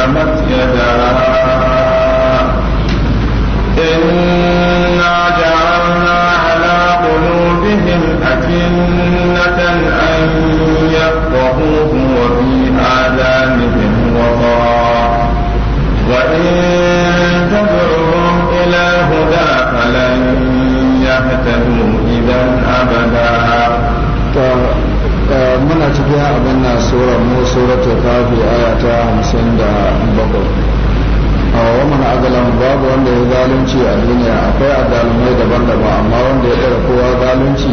قدمت يداه إنا جعلنا على قلوبهم أكنة أن يفقهوه وفي آذانهم وقرا وإن تدعوهم إلى الهدى فلن يهتدوا إذا أبدا muna cikin abin na sura mu suratul kafi aya ta hamsin da bakwai a wa mana azalan babu wanda ya zalunci a duniya akwai azalumai daban-daban amma wanda ya ɗara kowa zalunci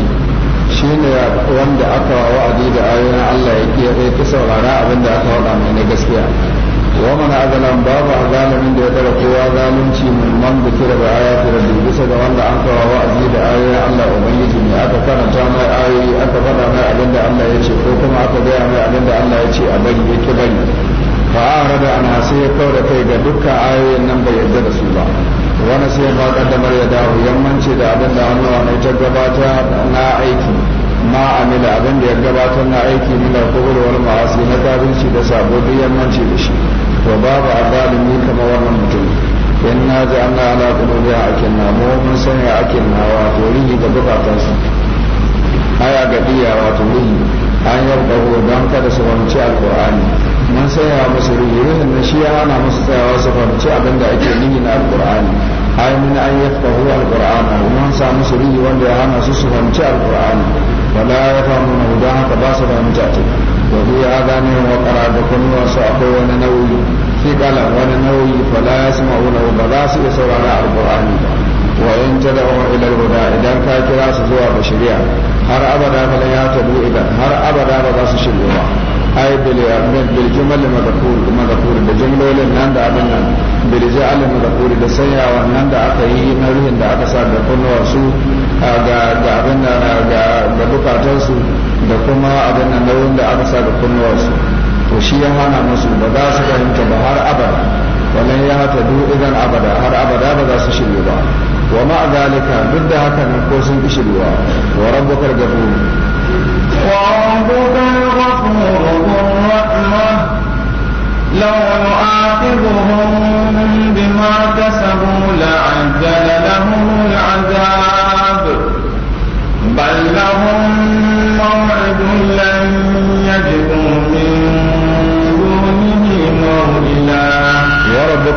shi ne wanda aka a da ayoyin Allah ya ƙi ya ƙi saurara abin aka waɗa mai na gaskiya wa mana azalan babu zalumin da ya ɗara kowa zalunci mun man da kira da ayatu da bisa ga wanda an kawo wa'adi da ayoyin Allah ubangiji ne aka karanta mai ayoyi aka faɗa mai abin Allah ya ce ko kuma aka gaya mai abinda Allah ya ce a bari ya ƙi bari fa arada ana sai ya kawo da kai ga dukkan ayoyin nan bai yarda da su ba wani sai ma kaddamar ya dawo yammanci da abin da hannuwa mai ta gabata na aiki ma amila abin da ya gabatar na aiki min da kubur ma'asi na karinci da sabo duk yammanci da shi to babu azalimi kamar wannan mutum in na ji an ala kulubi a akin na mu mun sanya akin na wato rihi ga bukatansu aya ga diya wato rihi an yarda don kada su wanci alkur'ani mun sanya musu ruhi ruhin na shi ya hana musu tsayawa su fahimci abin da ake nihi na alkur'ani ai mun an yafqahu alqur'ana mun sa musu wanda ya hana su su fahimci alkur'ani wala ya fahimu na hudan haka ba su a ta wa bi adani wa qara da kunnuwa su akwai wani nauyi fi qala wani nauyi fala yasma'una ba za su iya saurara alkur'ani ba wa in da ila al-huda idan ka kira su zuwa ga shari'a har abada fa la yatadu idan har abada ba za su shirya ba ai bil bil jumal madhkur madhkur da jumlolin nan da abin nan bil ja'al madhkur da sanyawa nan da aka yi na ruhin da aka sa da kunnuwar su ga ga abin nan ga ga bukatun su da kuma abin nan nauyin da aka sa da kunnuwar su to shi ya hana musu ba za su fahimta ba har abada wannan ya hata du idan abada har abada ba za su shirya ba ومع ذلك بدها كان كوسن بشدوا وربك الغفور وربك الغفور ذو الرحمة لو يعاقبهم بما كسبوا لعجل لهم العذاب بل لهم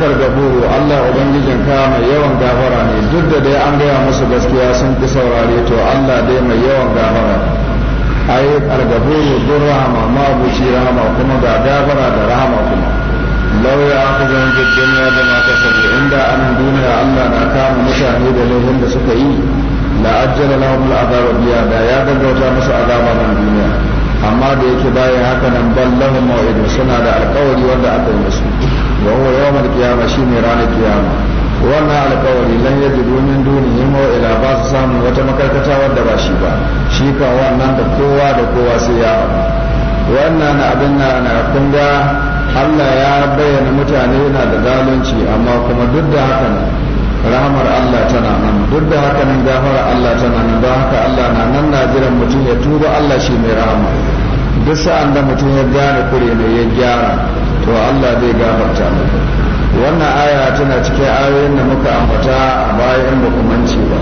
innakar Allah ubangijin ka mai yawan gafara ne duk da dai an gaya musu gaskiya sun fi saurare to Allah dai mai yawan gafara dun rahama ma buci rahama kuma ga gafara da rahama kuma lauya aku zan ji duniya da mata sabu inda an duniya Allah na kama mutane da laifin da suka yi la ajjala lahum al'adab biya da ya gaggauta musu azaba nan duniya amma da yake bayan haka nan ban lahum suna da alƙawari wanda aka yi musu wa huwa yawmal qiyamah shine ranar kiyama wannan alkawari lan yajidu min dunihi ila ba su samu wata makarkata wanda ba shi ba shi ka wannan da kowa da kowa sai ya wannan abin na na kunga Allah ya bayyana mutane yana da zalunci amma kuma duk da haka rahamar Allah tana nan duk da haka nan gafara Allah tana nan don haka Allah na nan na jiran mutum ya tuba Allah shi mai rahama duk sa'an da mutum ya gane kure ne ya gyara to Allah zai gafarta mu wannan aya tana cikin ayoyin da muka ambata a bayan ba ba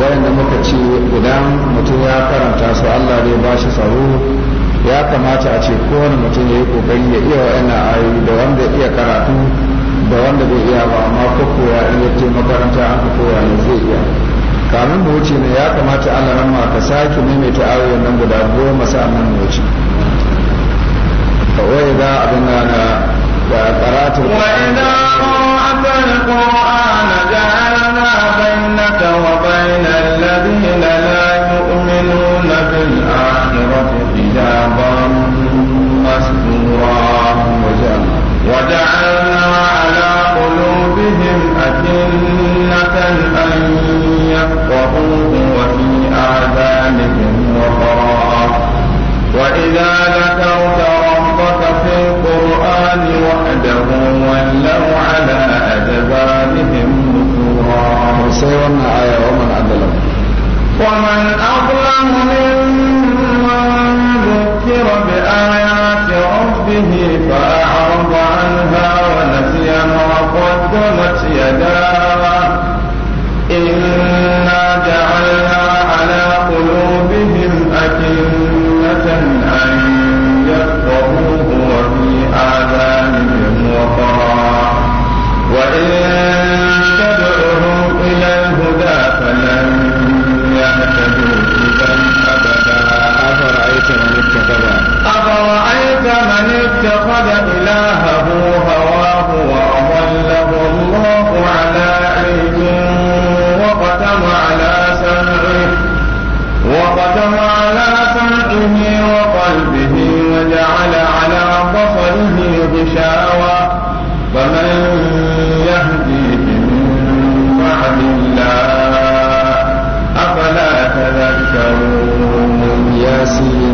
wayanda muka ce idan mutum ya karanta su Allah zai ba shi tsaro ya kamata a ce kowane mutum ya yi kokari ya iya wa'annan ayoyi da wanda ya iya karatu da wanda bai iya ba amma ko je makaranta aka koya ne zai iya kamin mu wuce ne ya kamata Allah nan ma ka sake maimaita ayoyin nan guda goma sa nan mu wuce kawai da abin nan na da karatu qur'an wa idza qira'atul qur'ana ja'alna سنة أن يفقهوه وفي آذانهم وقرا وإذا ذكرت ربك في القرآن وحده ولوا على أدبارهم نفورا سيرنا آية ومن أظلم ومن أظلم ممن ذكر بآيات ربه فأعرض عنها ونسي ما قدمت دَاءً إِنَّا جَعَلْنَا عَلَى قُلُوبِهِمْ أَكِنَّةً أَن يَفْقَهُوهُ وَفِي آذَانِهِمْ وَقْرًا وَإِن تَدْعُهُمْ إِلَى الْهُدَىٰ فَلَن يَهْتَدُوا إِذًا أَبَدًا أَفَرَأَيْتَ مَنِ اتَّخَذَ أَفَرَأَيْتَ مَنِ اتَّخَذَ إِلَٰهَهُ هَوَاهُ على علم وختم على سمعه على سمعه وقلبه وجعل على بصره غشاوة فمن يهديه من بعد الله أفلا تذكرون ياسين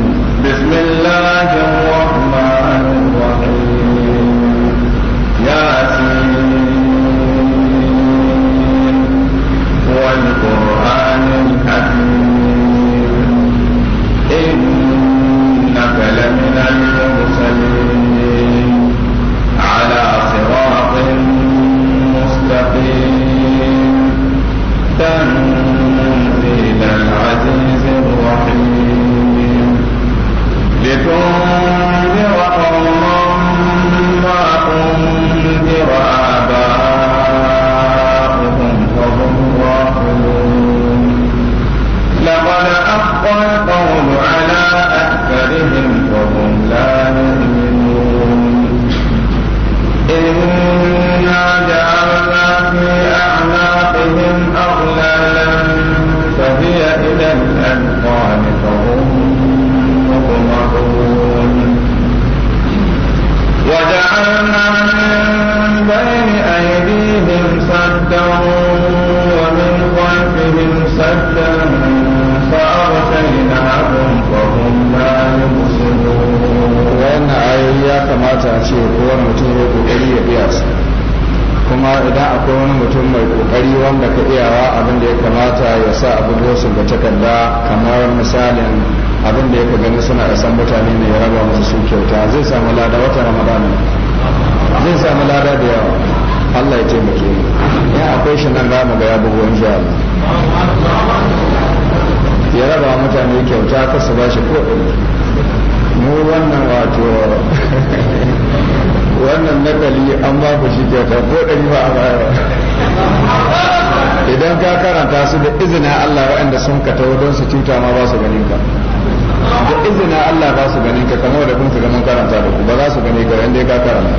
su da izinin Allah waɗanda sun ka taho don su cuta ma ba su ganin ka da izinin Allah ba su ganin ka kamar da kun ka ganin karanta da ku ba za su gane ka yanda ka karanta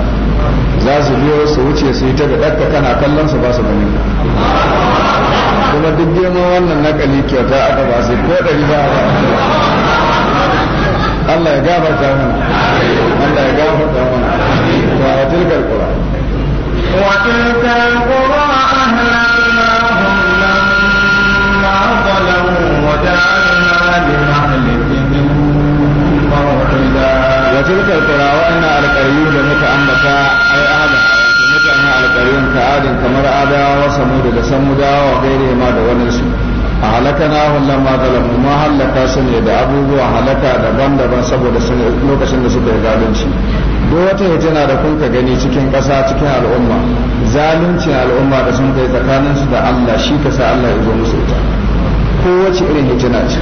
za su biyo su wuce su yi ta da kana kallon su ba su ganin ka kuma duk girman wannan nakali kyauta aka ba su ko ɗari ba a Allah ya gafarta mana Allah ya gafarta mana wa tilkar qura wa tilkar qura tilkar kura wa'annan alƙaryu da muka ambata ai ahada mutanen alƙaryun ta adin kamar adawa wa da samudawa wa gaire ma da wani su a halakana wallan ma zalamu ma halaka su ne da abubuwa halaka daban-daban saboda sun lokacin da suka yi zalunci duk wata hijira da kun ka gani cikin kasa cikin al'umma zaluncin al'umma da sun kai tsakaninsu da Allah shi ka sa Allah ya zo musu ita kowace irin hijira ce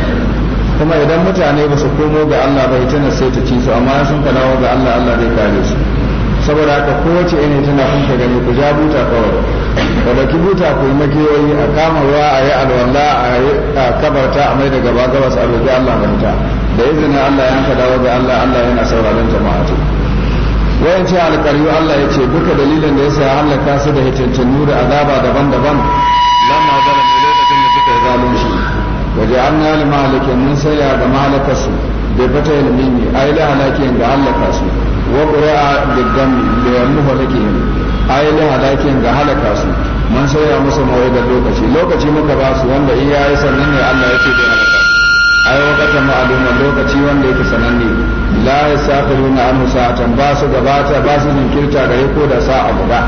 kuma idan mutane ba su komo ga Allah ba ita sai ta ci su amma sun wa ga Allah Allah zai kare su saboda haka kowace irin tana kun ka gani ku ja buta kawai da ki buta ku yi makiyoyi a kama ruwa a yi alwala a yi kabarta a mai da gaba gabas a roƙi Allah manta da izinin Allah ya dawo ga Allah Allah yana sauraron jama'a ce wayanci alƙaryu Allah ya ce duka dalilin da ya sa halaka su da hicintinu da azaba daban-daban waje an na li mun saya ga mahalakarsu da fata ilmini ai la halakin ga halaka su wa qura'a da dami da yannu halakin ai la halakin ga halaka su mun saya musu mawai da lokaci lokaci muka ba wanda in yayi sannan ne Allah ya ce bai halaka ai wakata ma'aluma lokaci wanda yake sananne la na anhu sa'atan ba su gabata ba su jinkirta gare ko da sa'a guda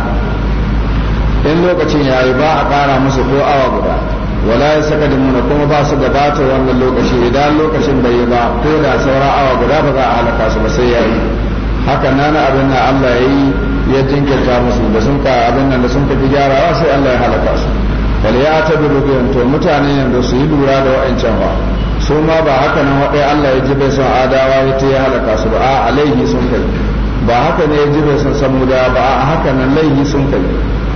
in lokacin yayi ba a kara musu ko awa guda wala ya saka da muna kuma ba su gabata wannan lokaci idan lokacin bai yi ba ko da saura awa guda ba za a halaka su ba sai ya yi haka nan abin nan Allah ya yi ya jinkirta musu da sun ka abin nan da sun ka fi gyarawa sai Allah ya halaka su bal ya ta bi to mutane yanzu su yi lura da wa'ancan ba su ma ba haka nan wadai Allah ya ji bai son adawa ya ta ya halaka su ba a alaihi sun kai ba haka ne ya ji bai son da ba a haka nan laihi sun kai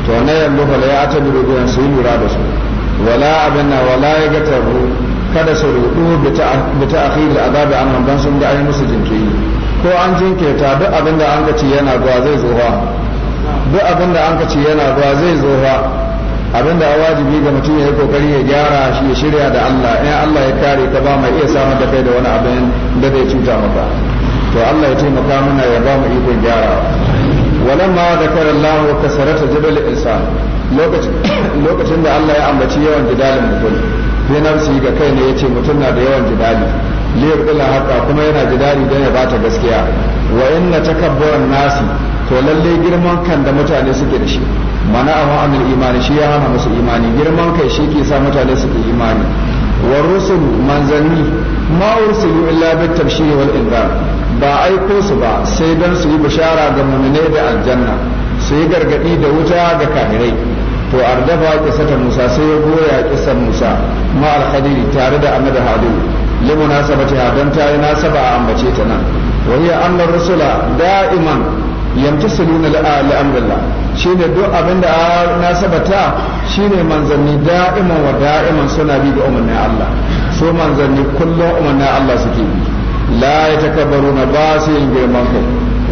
to na yanzu bal ya ta bi su yi lura da su wala abinna wala ya gataru kada su rudu bi ta'khir azabi an dan sun ga ai musu jinkiri ko an jinkirta duk abin da an ci yana zuwa zai zo fa duk abin da an yana zuwa zai zo fa abin da wajibi ga mutum ya yi kokari ya gyara shi ya shirya da Allah in Allah ya kare ka ba mai iya samun da kai da wani abin da zai cuta maka to Allah ya taimaka mana ya ba mu ikon gyarawa walamma zakara Allah kasarata jabal insan lokacin da Allah ya ambaci yawan jidalin mutum sai nafsi ga kai ne yace mutum na da yawan jidali liyaqula haka kuma yana jidali dan ya bata gaskiya wa inna takabburan nasi to lallai girman kan da mutane suke da shi mana ahu amil imani shi ya hana musu imani girman kai shi ke sa mutane suke imani wa rusul manzanni ma ursilu illa bit tabshir wal inzar ba aiko su ba sai don su yi bishara ga mu'minai da aljanna su yi gargadi da wuta ga kafirai to ardaba kisata musa sai ya goya kisan musa ma alhadiri tare da amadu hadu limunasabati don ta yi saba a ambace ta nan wa hiya annar rusula da'iman yamtasiluna li'amrillah shine duk abin da nasabata shine manzanni da'iman wa da'iman suna bi ga umarnin Allah su manzanni kullum umarnin Allah suke bi la ya takabbaru na ba su yin girman kai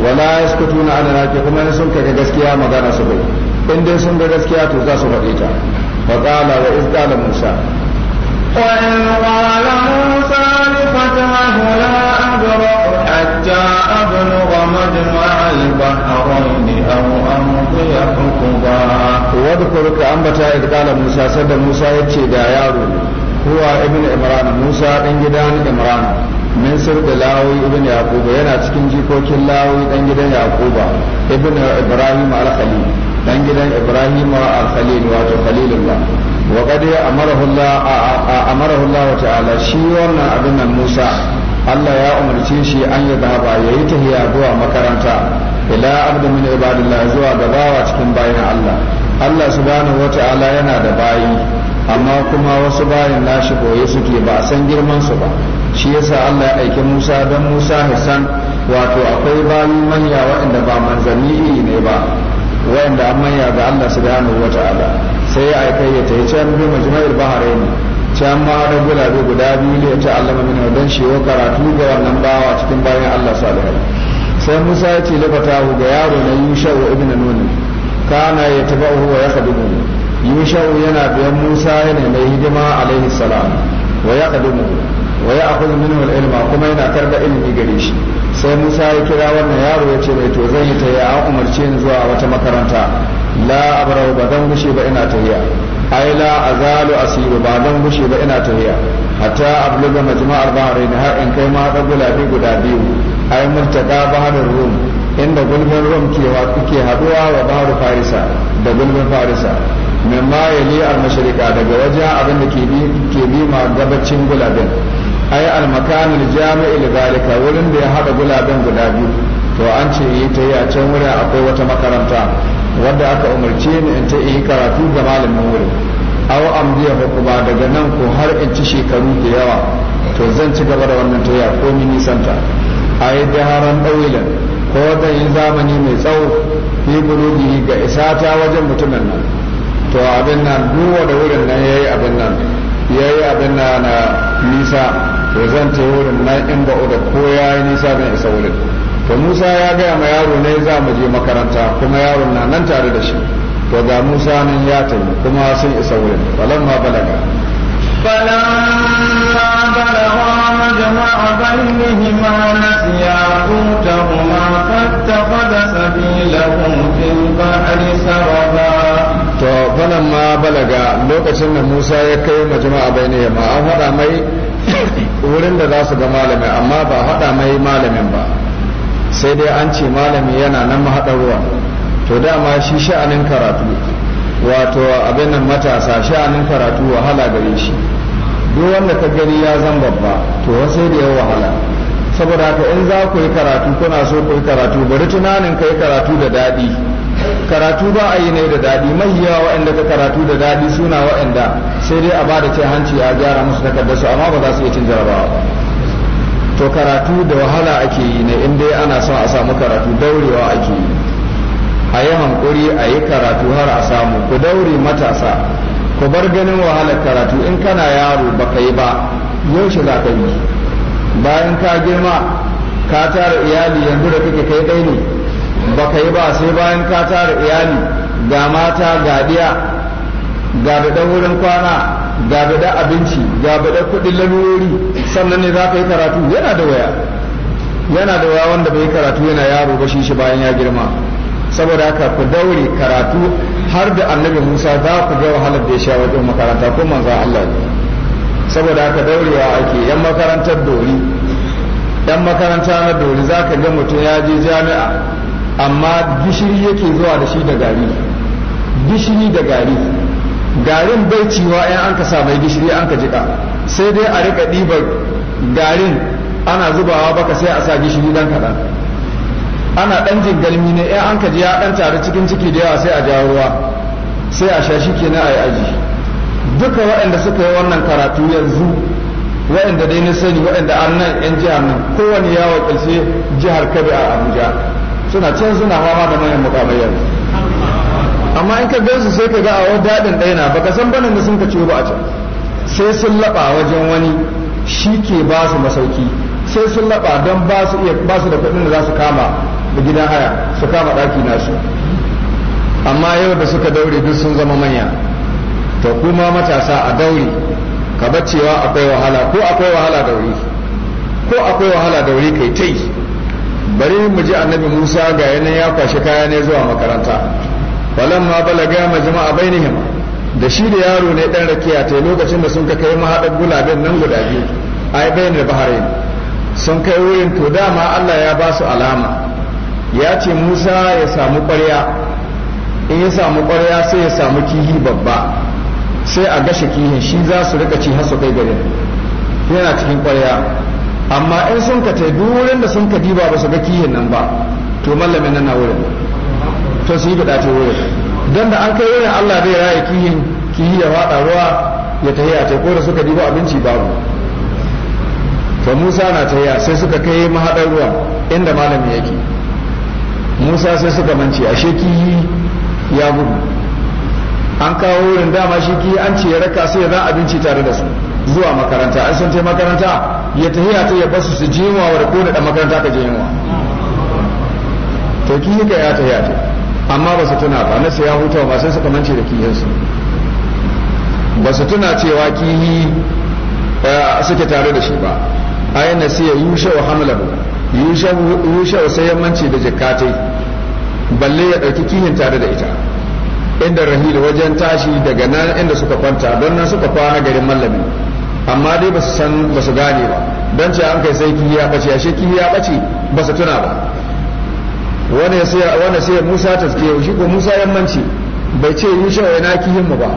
wala ya suka tuna ana kuma in sun kaga gaskiya magana su bai in dai sun ga gaskiya to za su faɗe ta fa qala wa iz qala musa wa in qala musa li fatahu la abra hatta abluga majma'a al-bahrayn aw amdi hukuba wa dhkur ka ambata iz musa sadda musa yace da yaro huwa ibn imran musa dan gidan imran min sirda lawi ibn yaqub yana cikin jikokin lawi dan gidan yaqub ibn ibrahim al-khalil dan gidan ibrahim al-khalil wato khalilullah wa qad amarahu allah amarahu allah ta'ala shi wannan abin nan musa Allah ya umarce shi an yi zaba ya yi tahiya zuwa makaranta ila abdu min ibadillah zuwa gabawa cikin bayan Allah Allah subhanahu wa ta'ala yana da bayi amma kuma wasu bayan nashi boye suke ba a san girman su ba shi yasa Allah ya aiki Musa dan Musa Hassan wato akwai bayan manya waɗanda ba manzanni iri ne ba waɗanda an manya ga Allah subhanahu wata'ala sai ya aika ya tafi can bi majma'il bahrain can ma da gulabe guda biyu ne ta Allah min dan shi wa karatu ga wannan bawa cikin bayan Allah salihin sai Musa ya ce labata ga yaro na Yusha ibn Nun kana ya wa yakhdumuhu yushau yana biyan musa yana mai hidima alaihi salam wa ya kadumu wa ya akwai minhu ilma kuma yana karba ilimi gare shi sai musa ya kira wannan yaro ya ce mai to zan yi tahiya an umarce ni zuwa wata makaranta la abrahu ba zan gushe ina tahiya ai azalu asiri, ba zan gushe ba ina tahiya hatta abluga majma'ar bahrain har in kai ma dagula guda biyu ai multaka bahar rum inda gulbin rum ke kuke haduwa wa baru farisa da gulbin farisa min ma yali al mashriqa daga wajen abin da ke bi ke bi ma gabacin gulabin ai al makan al jami' li zalika wurin da ya hada gulabin guda biyu to an ce yi ta yi a can wurin akwai wata makaranta wanda aka umarce ni in ta yi karatu ga malamin wuri. aw am biya hukuma daga nan ko har in ci shekaru da yawa to zan ci gaba da wannan taya ko mini santa a yi daharan dawilan ko zan yi zamani mai tsawo fi bulugihi ga isata wajen mutumin nan to abin nan duwa da wurin nan yayi abin nan yayi abin nan na nisa to zan ce wurin nan in ba'u da ko ya yi nisa zan isa wurin to Musa ya gaya ma yaro ne za mu je makaranta kuma yaron na nan tare da shi to ga Musa nan ya tafi kuma sun isa wurin falamma balaga falamma balaga جمع بينهما نسيا حوتهما فاتخذ سبيله في البحر سربا to banan ma balaga lokacin da Musa ya kai majama'a bainahum an hada mai wurin da za su ga malami amma ba haɗa mai malamin ba sai dai an ce malami yana nan mahaɗar ruwa to dama shi sha'anin karatu wato abin nan matasa sha'anin karatu wahala gare shi duk wanda ka gani ya zan babba to sai da ya wahala saboda ka in za ku yi karatu kuna so ku yi karatu bari tunanin ka yi karatu da daɗi karatu ba a yi ne da daɗi mahiya waɗanda ka karatu da daɗi suna waɗanda sai dai a ba da ce hanci a gyara musu takardar su amma ba za su iya cin jarabawa ba to karatu da wahala ake yi ne in dai ana son a samu karatu daurewa ake yi a yi hankuri a yi karatu har a samu ku daure matasa ku bar ganin wahalar karatu in kana yaro baka yi ba yaushe za ka yi bayan ka girma ka tara iyali yanzu da kake kai ɗai ne baka yi ba sai bayan ka tara iyali ga mata ga diya ga da wurin kwana ga da abinci ga da kuɗin lalurori sannan ne za ka yi karatu yana da waya yana da waya wanda bai karatu yana yaro ba shi shi bayan ya girma saboda haka ku daure karatu har da annabi Musa za ku ga wahalar da ya sha wajen makaranta ko manzan Allah ne saboda haka daurewa ake yan makarantar dori yan makaranta na dori za ka ga mutum ya je jami'a amma gishiri yake zuwa da shi da gari gishiri da gari garin bai ciwa in an ka sa mai gishiri an ka jika sai dai a rika ɗibar garin ana zubawa baka sai a sa gishiri dan kaɗan ana dan jingalmi ne in an ka ji ya dan tare cikin ciki da yawa sai a jawo ruwa sai a sha shi kenan a yi aji duka waɗanda suka yi wannan karatu yanzu waɗanda dai na sani waɗanda an nan yan jihar nan kowane ya ƙarshe jihar kabe a abuja suna can suna fama da manyan mukamai yanzu amma in ka gansu sai ka ga a wani daɗin ɗaya na baka san banin da sun ka ciwo ba a can sai sun laɓa wajen wani shi ke ba su masauki sai sun laɓa don ba su da kuɗin da za su kama da gidan haya su kama ɗaki nasu amma yau da suka daure duk sun zama manya to kuma matasa a daure ka cewa akwai wahala ko akwai wahala daure ko akwai wahala daure kai tai bari mu ji annabi Musa ga yanayin ya kwashi kaya ne zuwa makaranta ma balaga majma'a bainihim da shi da yaro ne dan rakiya ta lokacin da sun ka kai mahadar gulaben nan guda biyu ai bainar bahrain sun kai wurin to dama Allah ya ba su alama ya ce musa ya samu ƙwarya in ya samu ƙwarya sai ya samu kihi babba sai a gashe kihin shi za su rika ci har kai garin yana cikin ƙwarya amma in sun ka tai wurin da sun ka diba ba su ga kihin nan ba to mallamin nan na wurin to su yi bada ta wurin don da an kai wurin allah zai raya kihin kihi ya faɗa ruwa ya tahiya ta ko da suka diba abinci babu to musa na tahiya sai suka kai mahaɗar ruwa inda malami yake musa sai suka mance a kihi ya gudu an kawo wurin dama shi an ce ya raka sai ya za abinci tare da su zuwa makaranta an san makaranta ya tahiya ta ya basu su ji yunwa wadda ko da makaranta ka je yunwa to ki ka ya tahiya ta amma ba su tuna ba na sai ya hutawa ba sai suka mance da kiyansu ba su tuna cewa kihi eh, suke tare da shi ba ayyana sai ya yushe wa hamalahu yushe wasu yammanci da jakatai balle ya ɗauki kihin tare da ita inda rahil wajen tashi daga nan inda suka kwanta don nan suka kwana garin mallami amma dai ba su san ba su gane ba don ce an kai sai kihi ya ɓace ashe kihi ya ɓace ba su tuna ba wanda sai musa suke shi ko musa yammanci bai ce wa yana kihin mu ba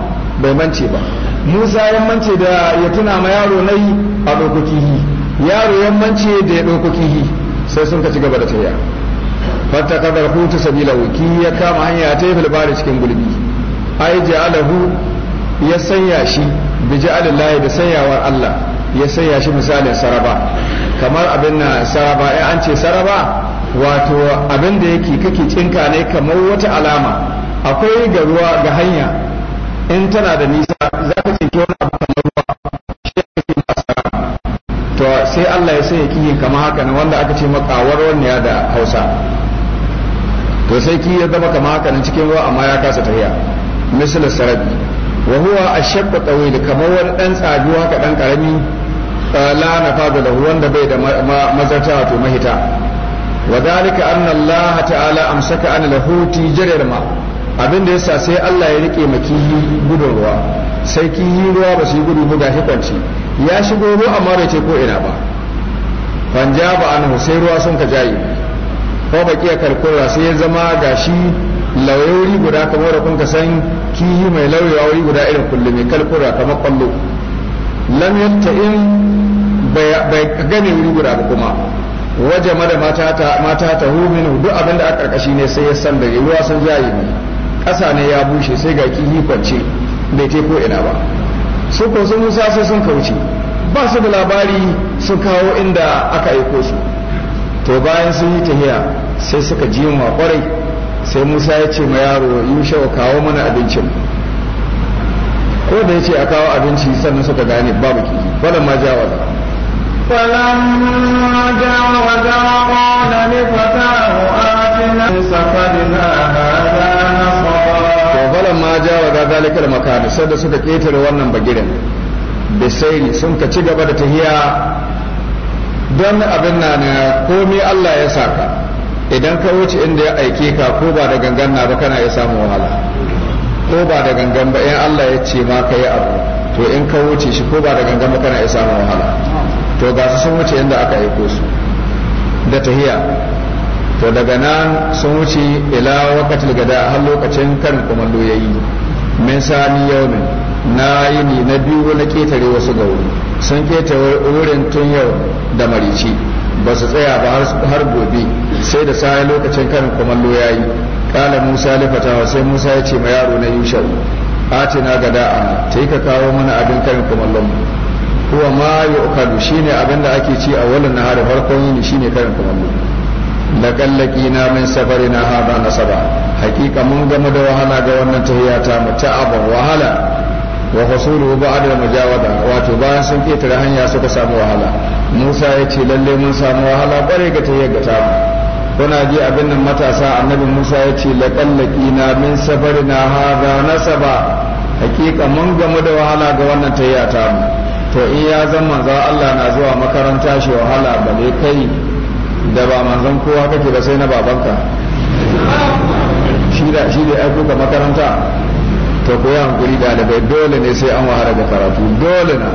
bai mance ba musa yammanci da ya tuna ma yaro na yi a ɗauko kihi yaro yammanci da ya ɗauko kihi sai sun ka ci gaba da tafiya ka kadar hutu sabila wuki ya kama hanya ta yi filbari cikin gulbi ai ja'alahu ya sanya shi bi layi da sanyawar Allah ya sanya shi misalin saraba kamar abin na saraba ya eh, an ce saraba wato abin da yake kake cinka ne kamar wata alama akwai ga ruwa ga hanya in tana da nisa za ka cinke wani abu sai Allah ya sanya kiyin kama haka nan wanda aka ce makawar ya da Hausa to sai kiyi ya zama kama haka nan cikin ruwa amma ya kasa tafiya misal sarabi wa huwa ashaqqa tawil kamar wani dan tsabi haka dan karami eh, la nafadu da wanda bai da mazarta to mahita wa dalika anna Allah ta'ala amsaka an lahuti jarir ma abin da yasa sai Allah ya rike makihi gudun ruwa sai kiyi ruwa ba su yi gudu ba gashi kwanci ya shigo ruwa amma bai ce ko ina ba ban ja ba an sai ruwa sun ka jayi ko baki ya karkura sai ya zama gashi lauyori guda kamar da kun ka san kihi mai lauyewa wuri guda irin kullum mai karkura kamar kwallo lam in bai gane wuri guda ba kuma waje mada mata ta humin duk abin da aka karkashi ne sai ya san da ruwa sun jayi ne ƙasa ne ya bushe sai ga kihi kwance bai ce ko ina ba su ko su musa sai sun kauce ba su da labari sun kawo inda aka aiko su to bayan sun yi tahiya sai suka ji ma kwarai sai musa ya ce ma yaro yi yusha kawo mana abincin ko da ya ce a kawo abinci sannan suka gane babu kifi bala ma jawaza فلما جاوزا قال لفتاه آتنا سقدنا هذا ma jawaza zalikar makani sai da suka ketare wannan bagiren sai sun ka ci gaba da tahiya don abin na ko komai Allah ya saka idan ka wuce inda ya aike ka ko ba da gangan na ba kana ya samu wahala ko ba da gangan ba in Allah ya ce ma ka yi abu to in ka wuce shi ko ba da gangan ba kana ya samu wahala to ga su sun wuce inda aka aiko su da tahiya to daga nan sun wuce ila wakatil gada har lokacin karin kumallo ya yi min sami ne na yi ni na biyu na ketare wasu ga wuri sun ketare wurin tun yau da marici ba su tsaya ba har gobe sai da sai lokacin karin kumallo ya yi kala musa lifatawa sai musa ya ce ma yaro na ce na gada a ta yi ka kawo mana abin karin kumallon mu kuwa ma yi shine abin da ake ci a wannan nahari farkon yini shine karin kumallo laƙallaki na min safari na hada nasaba hakika mun gama da wahala ga wannan tahiya ta mu ta'aba wahala wa fasulu ba'da da mujawada wato bayan sun ketare hanya suka samu wahala Musa ya ce lalle mun samu wahala bare ga tahiyar ga ta kuna ji abin nan matasa annabi Musa ya ce laƙallaki na min safari na hada nasaba hakika mun gama da wahala ga wannan tahiya ta mu to in ya zama za Allah na zuwa makaranta shi wahala bale kai da ba manzon kowa kake ba sai na babanka shi da shi da ya kuka makaranta to koyi hankuri ɗalibai dole ne sai an wahala da karatu dole na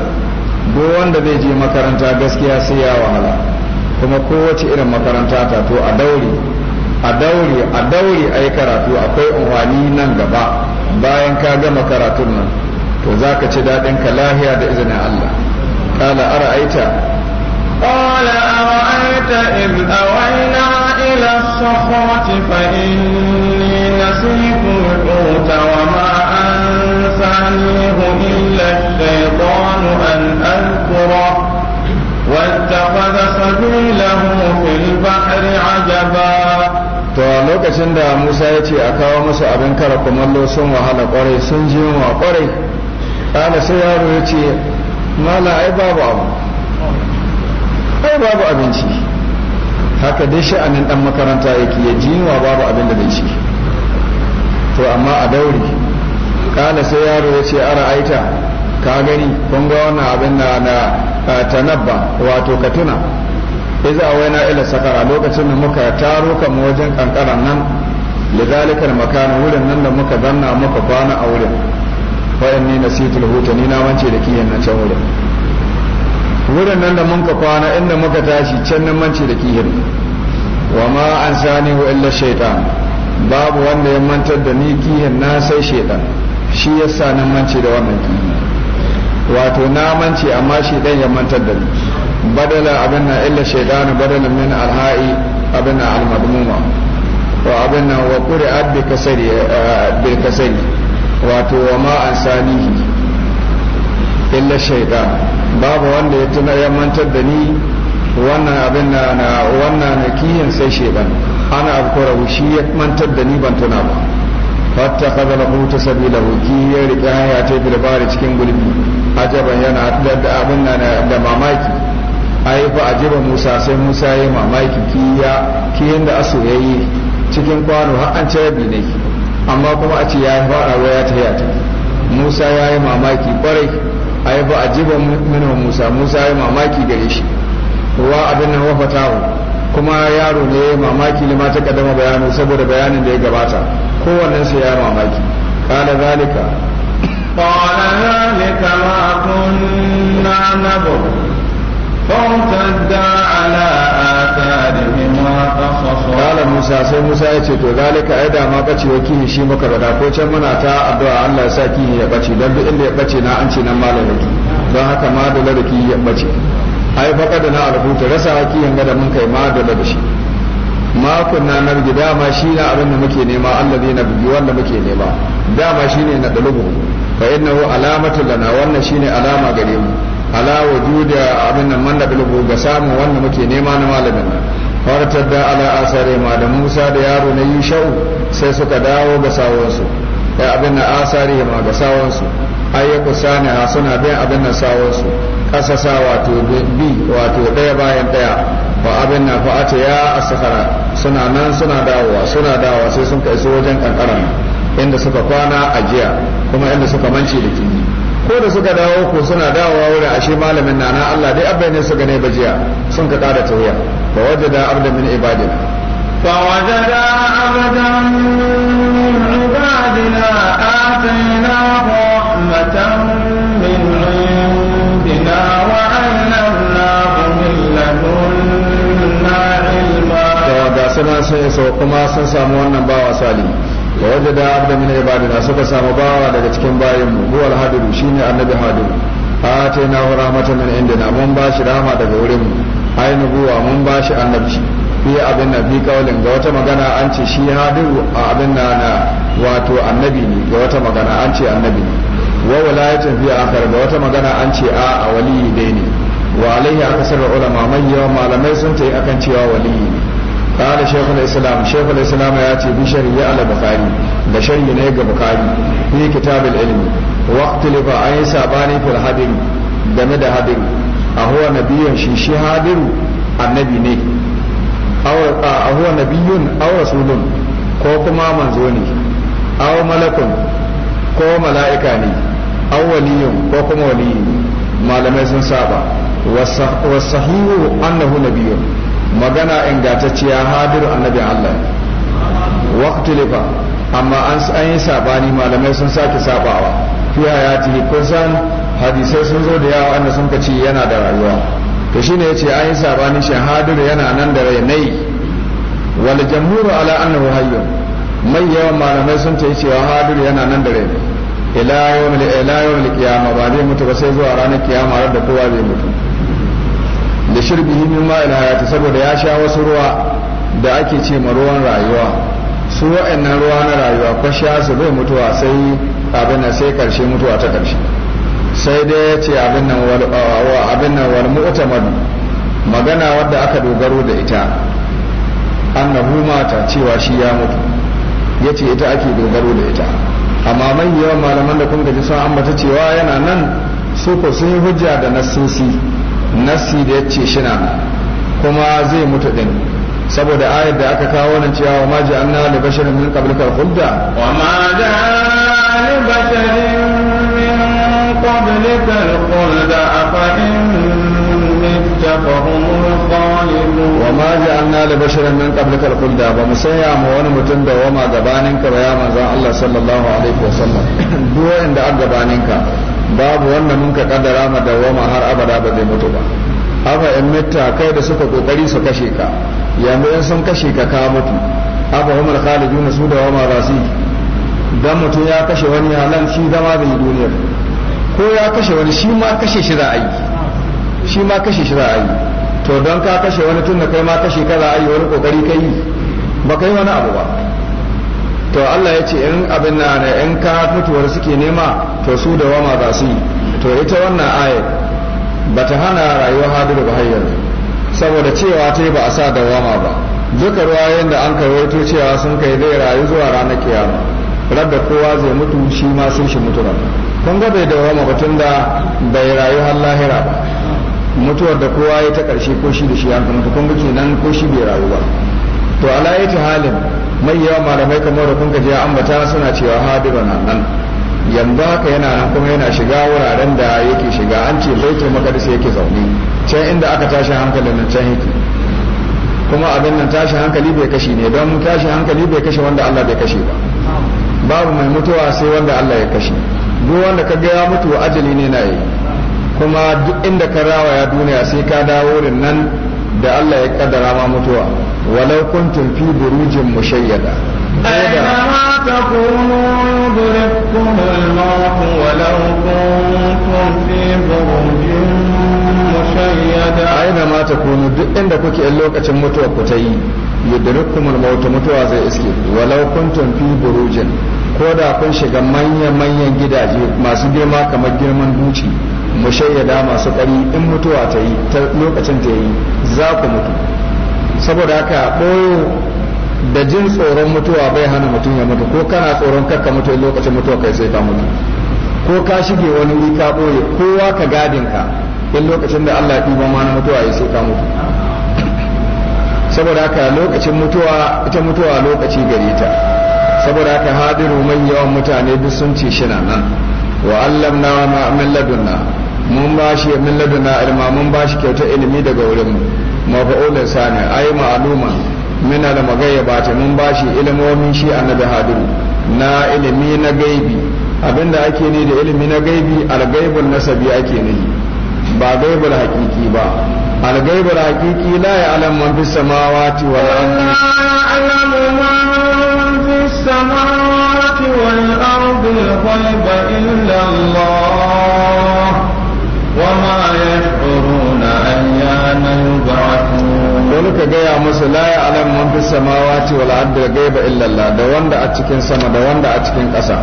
ko wanda zai je makaranta gaskiya sai ya wahala kuma kowace irin makaranta ta to a daure a daure a daure a yi karatu akwai umarni nan gaba bayan ka gama karatun nan to za ka ci daɗin ka lahiya da izinin Allah kala aita قال أرأيت إذ أوينا إلى الصخرة فإني نسيت الحوت وما أنسانيه إلا الشيطان أن أذكره واتخذ سبيله في البحر عجبا to lokacin da Musa ya ce a kawo masu abin kara kumallo sun wahala kwarai sun ji yunwa kwarai ƙala sai yaro ya ce mala ai babu abu ai babu abinci haka dai sha'anin dan makaranta yake ya ji yunwa babu abin da zai ci to amma a dauri kala sai yaro ya ce ara aita ka gani kun ga wannan abin na na tanabba wato ka tuna iza waina ila sakara lokacin da muka taro kan wajen kankaran nan lidhalika makana wurin nan da muka zanna muka kwana a wurin fa inni nasitul huta ni na wance da kiyan nan can wurin wurin nan da mun ka kwana inda muka tashi can nan mance da kihir wa ma an sani wa illa shaitan babu wanda ya mantar da ni kihir na sai shaitan shi yasa nan mance da wannan kihir wato na mance amma shaitan ya mantar da ni badala abin na illa shaitan badala min alha'i abin na almadmuma wa abin na wa qur'a bi kasari eh, bi kasari wato wa ma an sanihi illa shaidan babu wanda ya tuna ya mantar da ni wannan abin na wannan kiyin sai shaidan ana abkura shi ya mantar da ni ban tuna ba hatta kaza na huta sabila huki ya rike hanya ta yi da cikin gulbi ajaban yana da abin na da mamaki ai fa ajiba musa sai musa ya mamaki kiya kiyan da aso yayi cikin kwano har an ce rabi ne amma kuma a ce ya fara waya ta yata musa ya yi mamaki kwarai ai ba ajiba minhu Musa Musa ya mamaki gare shi wa abin nan wafata kuma yaro ne mamaki ne ma ta kadama bayanin saboda bayanin da ya gabata kowannen sai ya mamaki kana zalika qala zalika ma kunna nabu فارتدا على آثارهم قال musa sai musa ya ce to zalika ai بچي ma شي wa shi muka bada ko can muna ta addu'a Allah ya sa kihi ya bace dan duk inda ya bace na an ce nan malam don haka ma dole ya bace من faka ما na دشي ما كنا ga دا ما kai ma da ma shi na abin muke nema Allah zai na bugi wanda alamatu lana wannan shine alama gare mu ala wujuda abin nan man da ga samu wanda muke nema na malamin fartar da ala asare ma da musa da yaro na yi sha'u sai suka dawo ga sawansu da eh, abin na asare ma ga sawansu ayyuka sani ha suna bin abin na sawansu sa wato bi wato daya bayan ɗaya ba abin na fa ya asakara suna nan suna dawowa suna dawowa sai sun kai su wajen kankara inda suka kwana a jiya kuma inda suka manci da kini ko da suka dawo ko suna dawowa wurin ashe malamin na na Allah dai abbai ne suka gane bajiya sun ka kada tawiya fa wajada abdan min ibadina fa wajada abdan min ibadina atainahu rahmatan min indina wa allamnahu min ladunna ilma da ga sunan sai kuma sun samu wannan bawa salihi wa wajen da ya bani na suka samu bawa daga cikin bayan mu haduru shi ne annabi haduru hadiru na hu rahmatan min na mun ba shi rahama daga wurin mu ainihu mun ba shi annabci fi abin nan fi kawalin ga wata magana an ce shi haduru a abin na na wato annabi ne ga wata magana an ce annabi ne wa walayatin fi akhar ga wata magana an ce a a waliyi dai ne wa alaihi akasar ulama mai malamai sun ta tayi akan cewa waliyi ne قال شيخ الاسلام شيخ الاسلام ياتي بشرعي على البخاري بشرعي ne ga bukhari fi ilimi al-ilm waqtilifa ay sabani fil hadin game da hadin a huwa nabiyyun shi shi hadiru annabi ne a huwa nabiyyun aw rasulun ko kuma manzo ne aw malakun ko mala'ika ne aw waliyun ko kuma waliyi malamai sun saba wasahihu annahu nabiyyun magana ingantacciya hadiru annabi Allah waqtilifa amma an yi sabani malamai sun sake sabawa fi hayati kun san hadisai sun zo da yawa annabi sun kace yana da rayuwa to shine yace an yi sabani shi hadiru yana nan da rai nai wal jamhuru ala annahu hayyun mai yawan malamai sun ce cewa hadiru yana nan da rai ila yawmil ila yawmil qiyamah ba zai mutu ba sai zuwa ranar kiyama har da kowa zai mutu da shirbihi min ma'il hayati saboda ya sha wasu ruwa da ake ce ma ruwan rayuwa su wa'annan ruwa na rayuwa ko sha su bai mutuwa sai abin nan sai karshe mutuwa ta karshe sai dai ya ce abin nan wal abin nan wal mu'tamad magana wadda aka dogaro da ita annahu mata cewa shi ya mutu yace ita ake dogaro da ita amma mai yawan malaman da kun gaji sun ambata cewa yana nan su ko sun yi hujja da nassosi nassi da ya ce shina kuma zai mutu din saboda ayar da aka kawo nan cewa wa ma ja'alna li basharin min qablika khulda wa ma ja'alna li basharin min qablika khulda afa in mitta fa wa ma ja'alna li basharin min qablikal khulda ba mu sanya ma wani mutum da wama gabanin ka ba ya manzon Allah sallallahu alaihi wasallam duk wanda an gabanin ka babu wanda mun ka kaddara ma da wama har abada ba zai mutu ba haka in mitta kai da suka kokari su kashe ka yanzu in sun kashe ka ka mutu umar khalidu na su da wama rasi dan mutum ya kashe wani ya nan shi zama bai duniyar ko ya kashe wani shi ma kashe shi za a yi shi ma kashe shi za a yi to don ka kashe wani tun da kai ma kashe ka za wani kokari ka yi ba kai wani abu ba to Allah ya ce in abin na da in ka mutuwar suke nema to su da wama za su yi to ita wannan ayat ba ta hana rayuwa hadiru ba hayyar saboda cewa ta ba a sa da wama ba duka ruwayen da an karwaito cewa sun kai zai rayu zuwa ranar kiyama radda kowa zai mutu shi ma sun shi mutu kun ga bai ba batun da bai rayu har lahira ba mutuwar da kowa ya ta ƙarshe ko shi da shi ya kuma kuma muke nan ko shi bai rayu ba to ala yati halin mai yawa malamai kamar da kun gaji ambata suna cewa hadiru na nan yanzu haka yana nan kuma yana shiga wuraren da yake shiga an ce baitul maqdis yake zaune can inda aka tashi hankalin nan can yake kuma abin nan tashi hankali bai kashe ne don tashi hankali bai kashe wanda Allah bai kashe ba babu mai mutuwa sai wanda Allah ya kashe duk wanda ga ya mutu ajali ne na yi kuma duk inda ka rawaya duniya sai ka dawo da nan da Allah ya kaddara ma mutuwa walau kuntum fi burujin mushayyada أينما تكونوا يدرككم الموت mu كنتم في برج mushayyada أينما تكونوا duk inda kuke in lokacin mutuwa ku ta yi yudrikum al-maut mutuwa zai iske walau kuntum fi burujin ko da kun shiga manyan manyan gidaje masu girma kamar girman duci mushayyada masu ƙari in mutuwa ta yi ta lokacin ta yi za ku mutu saboda haka ɓoyo da jin tsoron mutuwa bai hana mutum ya mutu ko kana tsoron karka mutu lokacin mutuwa kai sai ka mutu ko ka shige wani wuri ka ɓoye kowa ka gadin ka in lokacin da Allah ya ɗiba ma na mutuwa ya sai ka mutu saboda haka lokacin mutuwa ita mutuwa lokaci gare ta saboda haka hadiru manyan mutane duk sun ce shi nan wa allamna ma min ladunna mun ba shi min laduna ilma mun ba shi kyauta ilimi daga wurin mu mafa'ulun sani ai ma'aluma min al ta mun ba shi ilmomin shi annabi hadu na ilimi na gaibi abinda ake ni da ilimi na gaibi al gaibul nasabi ake yi ba gaibul haqiqi ba la ya'lam man fis samawati في السماوات والأرض لا يعلم من في السماوات والأرض الغيب illa allah wani ka gaya musu la ya alam man fi samawati wal ardi ghaiba illa Allah da wanda a cikin sama da wanda a cikin ƙasa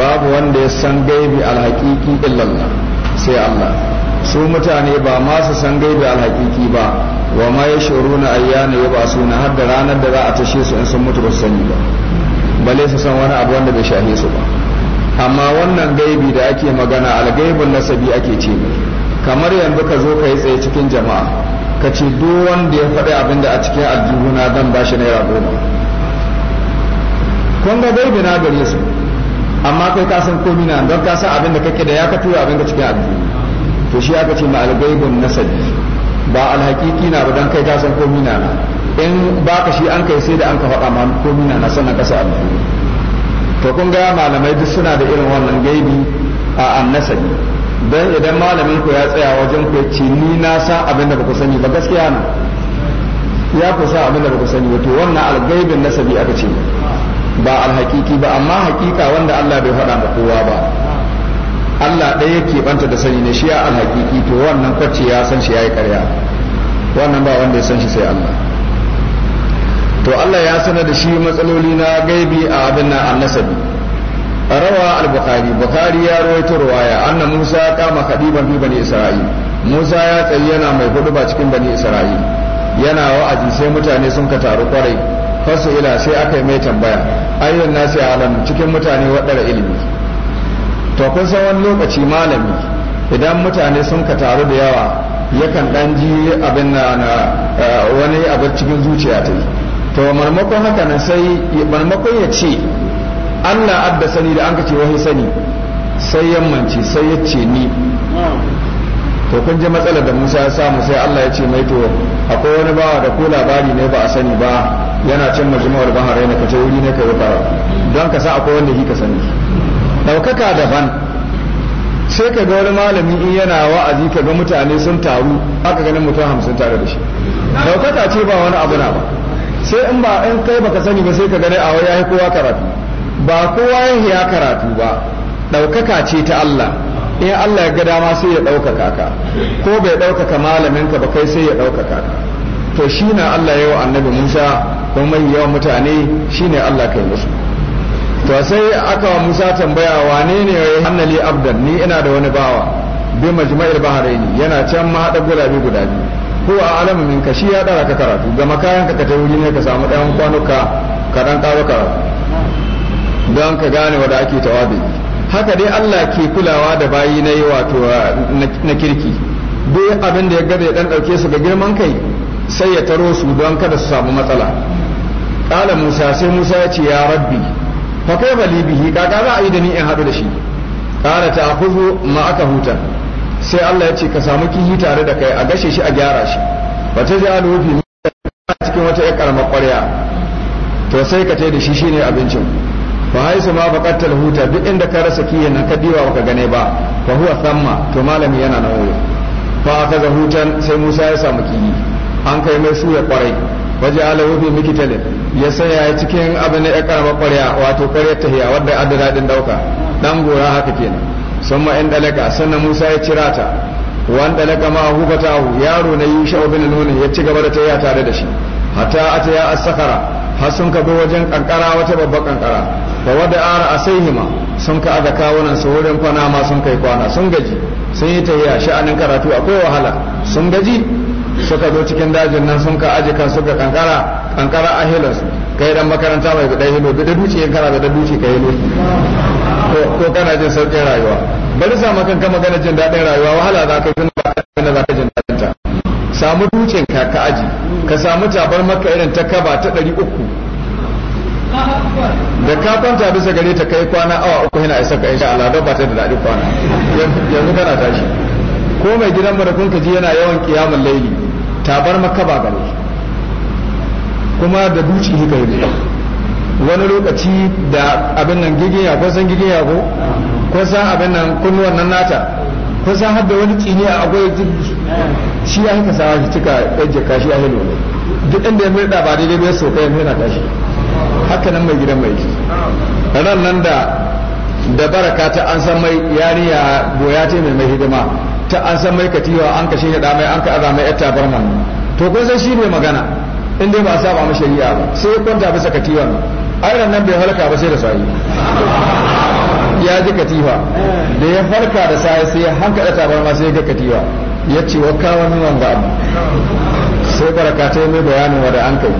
babu wanda ya san gaibi al haqiqi illa Allah sai Allah su mutane ba ma su san gaibi al haqiqi ba wa ma yashuruna ayyana yubasuna har da ranar da za a tashe su in sun mutu ba su sani ba bale su san wani abu wanda bai shahe su ba amma wannan gaibi da ake magana al nasabi ake ce kamar yanzu ka zo ka yi tsaye cikin jama'a ka ce duk wanda ya faɗi abin da a cikin aljihuna zan ba shi naira goma kun ga dai bina gare su amma kai ka san komi na don ka san abin da kake da ya ka tura abin da cikin aljihu to shi aka ce ma gaibun nasabi ba alhakiki na ba don kai ka san komi na in ba ka shi an kai sai da an ka faɗa ma komi na sannan ka sa aljihu to kun ga malamai duk suna da irin wannan gaibi a annasabi don idan malamin ku ya tsaya wajen ku ce ni na san abin da baku sani ba gaskiya na ya ku san abin da baku sani ba to wannan algaibin nasabi aka ce ba alhaqiqi ba amma hakika wanda Allah bai faɗa ba kowa ba Allah ɗaya yake banta da sani ne shi ya alhaqiqi to wannan kwacce ya san shi ya yi ƙarya wannan ba wanda ya san shi sai Allah to Allah ya sanar da shi matsaloli na gaibi a abin nan annasabi rawa al-bukhari bukhari ya rawaito ruwaya anna musa ya kama khadiban fi bani isra'il musa ya tsayi yana mai hudu ba cikin bani isra'il yana wa'azi sai mutane sun ka taru kwarai fasu ila sai aka yi mai tambaya ayyun nasi alam cikin mutane waɗara ilimi to kun san wani lokaci malami idan mutane sun ka taru da yawa yakan dan ji abin na eh, wani abu cikin zuciya ta to marmakon haka nan sai marmakon ya ce Allah adda sani da an ka ce wahi sani sai yammanci sai ya ce ni to kun ji matsalar da Musa ya samu sai Allah ya ce mai to akwai wani bawa da ko labari ne ba a sani ba yana cin majmu'ar baharai na kace wuri ne ka yi fara don ka sa akwai wanda shi ka sani daukaka daban sai ka ga wani malami in yana wa'azi ka ga mutane sun taru aka ganin mutum hamsin tare da shi daukaka ce ba wani abu na ba sai in ba in kai baka sani ba sai ka gane a wai yayi kowa karatu ba kowa ya karatu ba ɗaukaka ce ta Allah in Allah ya ga dama sai ya ɗaukaka ka ko bai ɗaukaka malaminka ba kai sai ya ɗaukaka ka to shi na Allah wa annabi Musa kuma mai yawan mutane shi ne Allah kai musu to sai aka wa Musa tambaya wane ne ya hannali abdan ni ina da wani bawa bi majma'il bahraini yana can ma haɗa gurabe guda biyu ko a alamin min ka shi ya ɗara ka karatu ga makayanka ka ta wuri ne ka samu ɗayan kwanuka ka ɗan ƙaro karatu don ka gane wadda ake tawabi haka dai Allah ke kulawa da bayi na yi wato uh, na kirki duk abin da ya gada ya dan dauke su ga girman kai sai ya taro su don kada su samu matsala kala Musa sai Musa ya ce ya rabbi fa kai bali bihi kaga za a yi da ni in haɗu da shi kala ta akuzu ma aka huta sai Allah ya ce ka samu kihi tare da kai a gashe shi a gyara shi ba ta ja fi cikin wata ƴar karamar ƙwarya to sai ka tai da shi shine abincin fa haisu ma baqatta huta duk inda ka rasa kiyan nan ka diwa baka gane ba fa huwa thamma to malami yana nan wuri fa aka hutan sai Musa ya samu kiyi an kai mai su ya kwarai waje ala wufi mikitalin ya saya ya cikin abin da ya karama kwarya wato ta tahiya wadda adda dadin dauka dan gora haka kenan sun ma'in dalaka sannan Musa ya cira ta wanda dalaka ma hubatahu yaro na yusha bin nunin ya ci gaba da tayya tare da shi hatta ata ya asakara har sun ka bi wajen kankara wata babbar kankara fa wada ara asaihima sun ka aga kawunan su wurin kwana ma sun kai kwana sun gaji sun yi tahiya sha'anin karatu akwai wahala sun gaji suka zo cikin dajin nan sun ka aji kan suka kankara kankara a hilansu kai dan makaranta mai gudan hilo da duci in kana da duci ka hilo ko kana jin sauƙin rayuwa bari sa makan ka magana jin daɗin rayuwa wahala za ka yi tun da za ka jin daɗin samu dutsen ka ka aji ka samu tabar maka irin ta kaba ta ɗari uku da ka kwanta bisa gare ta kai kwana awa uku yana isa ka insha Allah don ba ta da daɗi kwana yanzu kana tashi ko mai gidan mu da kun ji yana yawan kiyamun laili tabar maka ba gare kuma da duci hika yi wani lokaci da abin nan gigiya ko san gigiya ko ko san abin nan kunnuwan nan nata kun san wani tsini a akwai shi ya haka sawa shi cika ɗaje kashi ya hilo ne duk inda ya murɗa ba daidai bai soka ya murɗa kashi haka nan mai gidan mai ji ranar nan da da baraka ta an san mai yariya boya ce mai mai hidima ta an san mai katiwa an kashe ya mai an ka aza mai tabar man to kun san shi ne magana ba dai ba saba mu shari'a ba sai ya kwanta bisa katiwa ai ran nan bai halaka ba sai da sai ya ji katifa da ya farka da sai sai hanka da tabarma sai ga katifa ya ce wa kawo ni wanga abu sai baraka ta yi mai bayanin wada an kai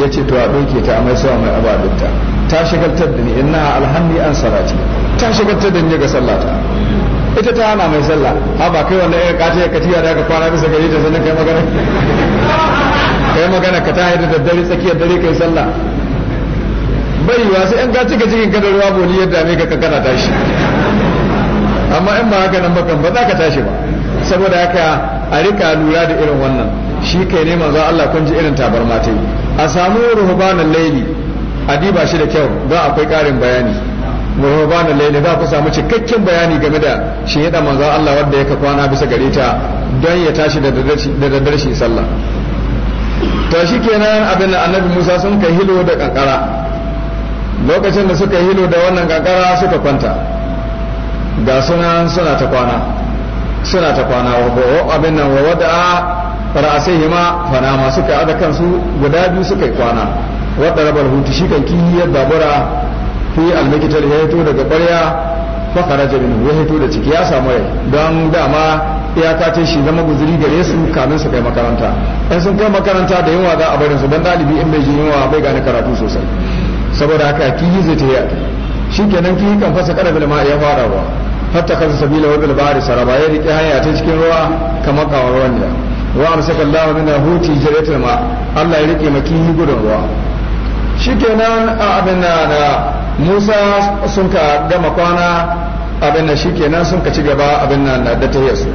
ya ce to a ɗauke ta a mai sawa mai abadinta ta shigaltar da ni inna alhamdi an salati ta shigaltar da ni ga sallata ita ta hana mai sallah ha ba kai wanda ya kata ya katiya da aka kwana bisa gari ta sannan kai magana kai magana ka ta da daddare tsakiyar dare kai sallah baiwa sai in ka cika cikin kada ruwa boli ya dame ka kana tashi amma in ba haka nan ba kan ba za ka tashi ba saboda haka a rika lura da irin wannan shi kai ne manzo Allah kun ji irin tabarma ta yi a samu ruhubanan laili adiba shi da kyau za akwai karin bayani ruhubanan laili za ku samu cikakken bayani game da shi yada manzo Allah wanda yake kwana bisa gare ta don ya tashi da da shi sallah to shikenan abin annabi Musa sun kai hilo da kankara lokacin da suka hilo da wannan kankara suka kwanta ga suna suna ta kwana suna ta kwana wa abin nan wa wada'a fana masu suka ada kansu guda biyu suka yi kwana wadda rabar hutu shi kan kiyi ya babura fi almikitar ya hito daga kwarya fakara jirin ya hito da ciki ya samu rai don dama ya kace shi zama guzuri gare su kamin su kai makaranta ɗan sun kai makaranta da yunwa za a barin su dan ɗalibi in bai ji yunwa bai gane karatu sosai saboda haka kihi zai ta yi kenan kihi kan fasa kada bil ma ya fara ba hatta kaza sabila wa bil bahri saraba ya rike hanya ta cikin ruwa kamar kawar ruwan da wa amsaka Allah min huti jaratul ma Allah ya rike maki gudun ruwa shikenan a abin na Musa sun ka gama kwana abin shi shikenan sun ka ci gaba abin nan da ta yasu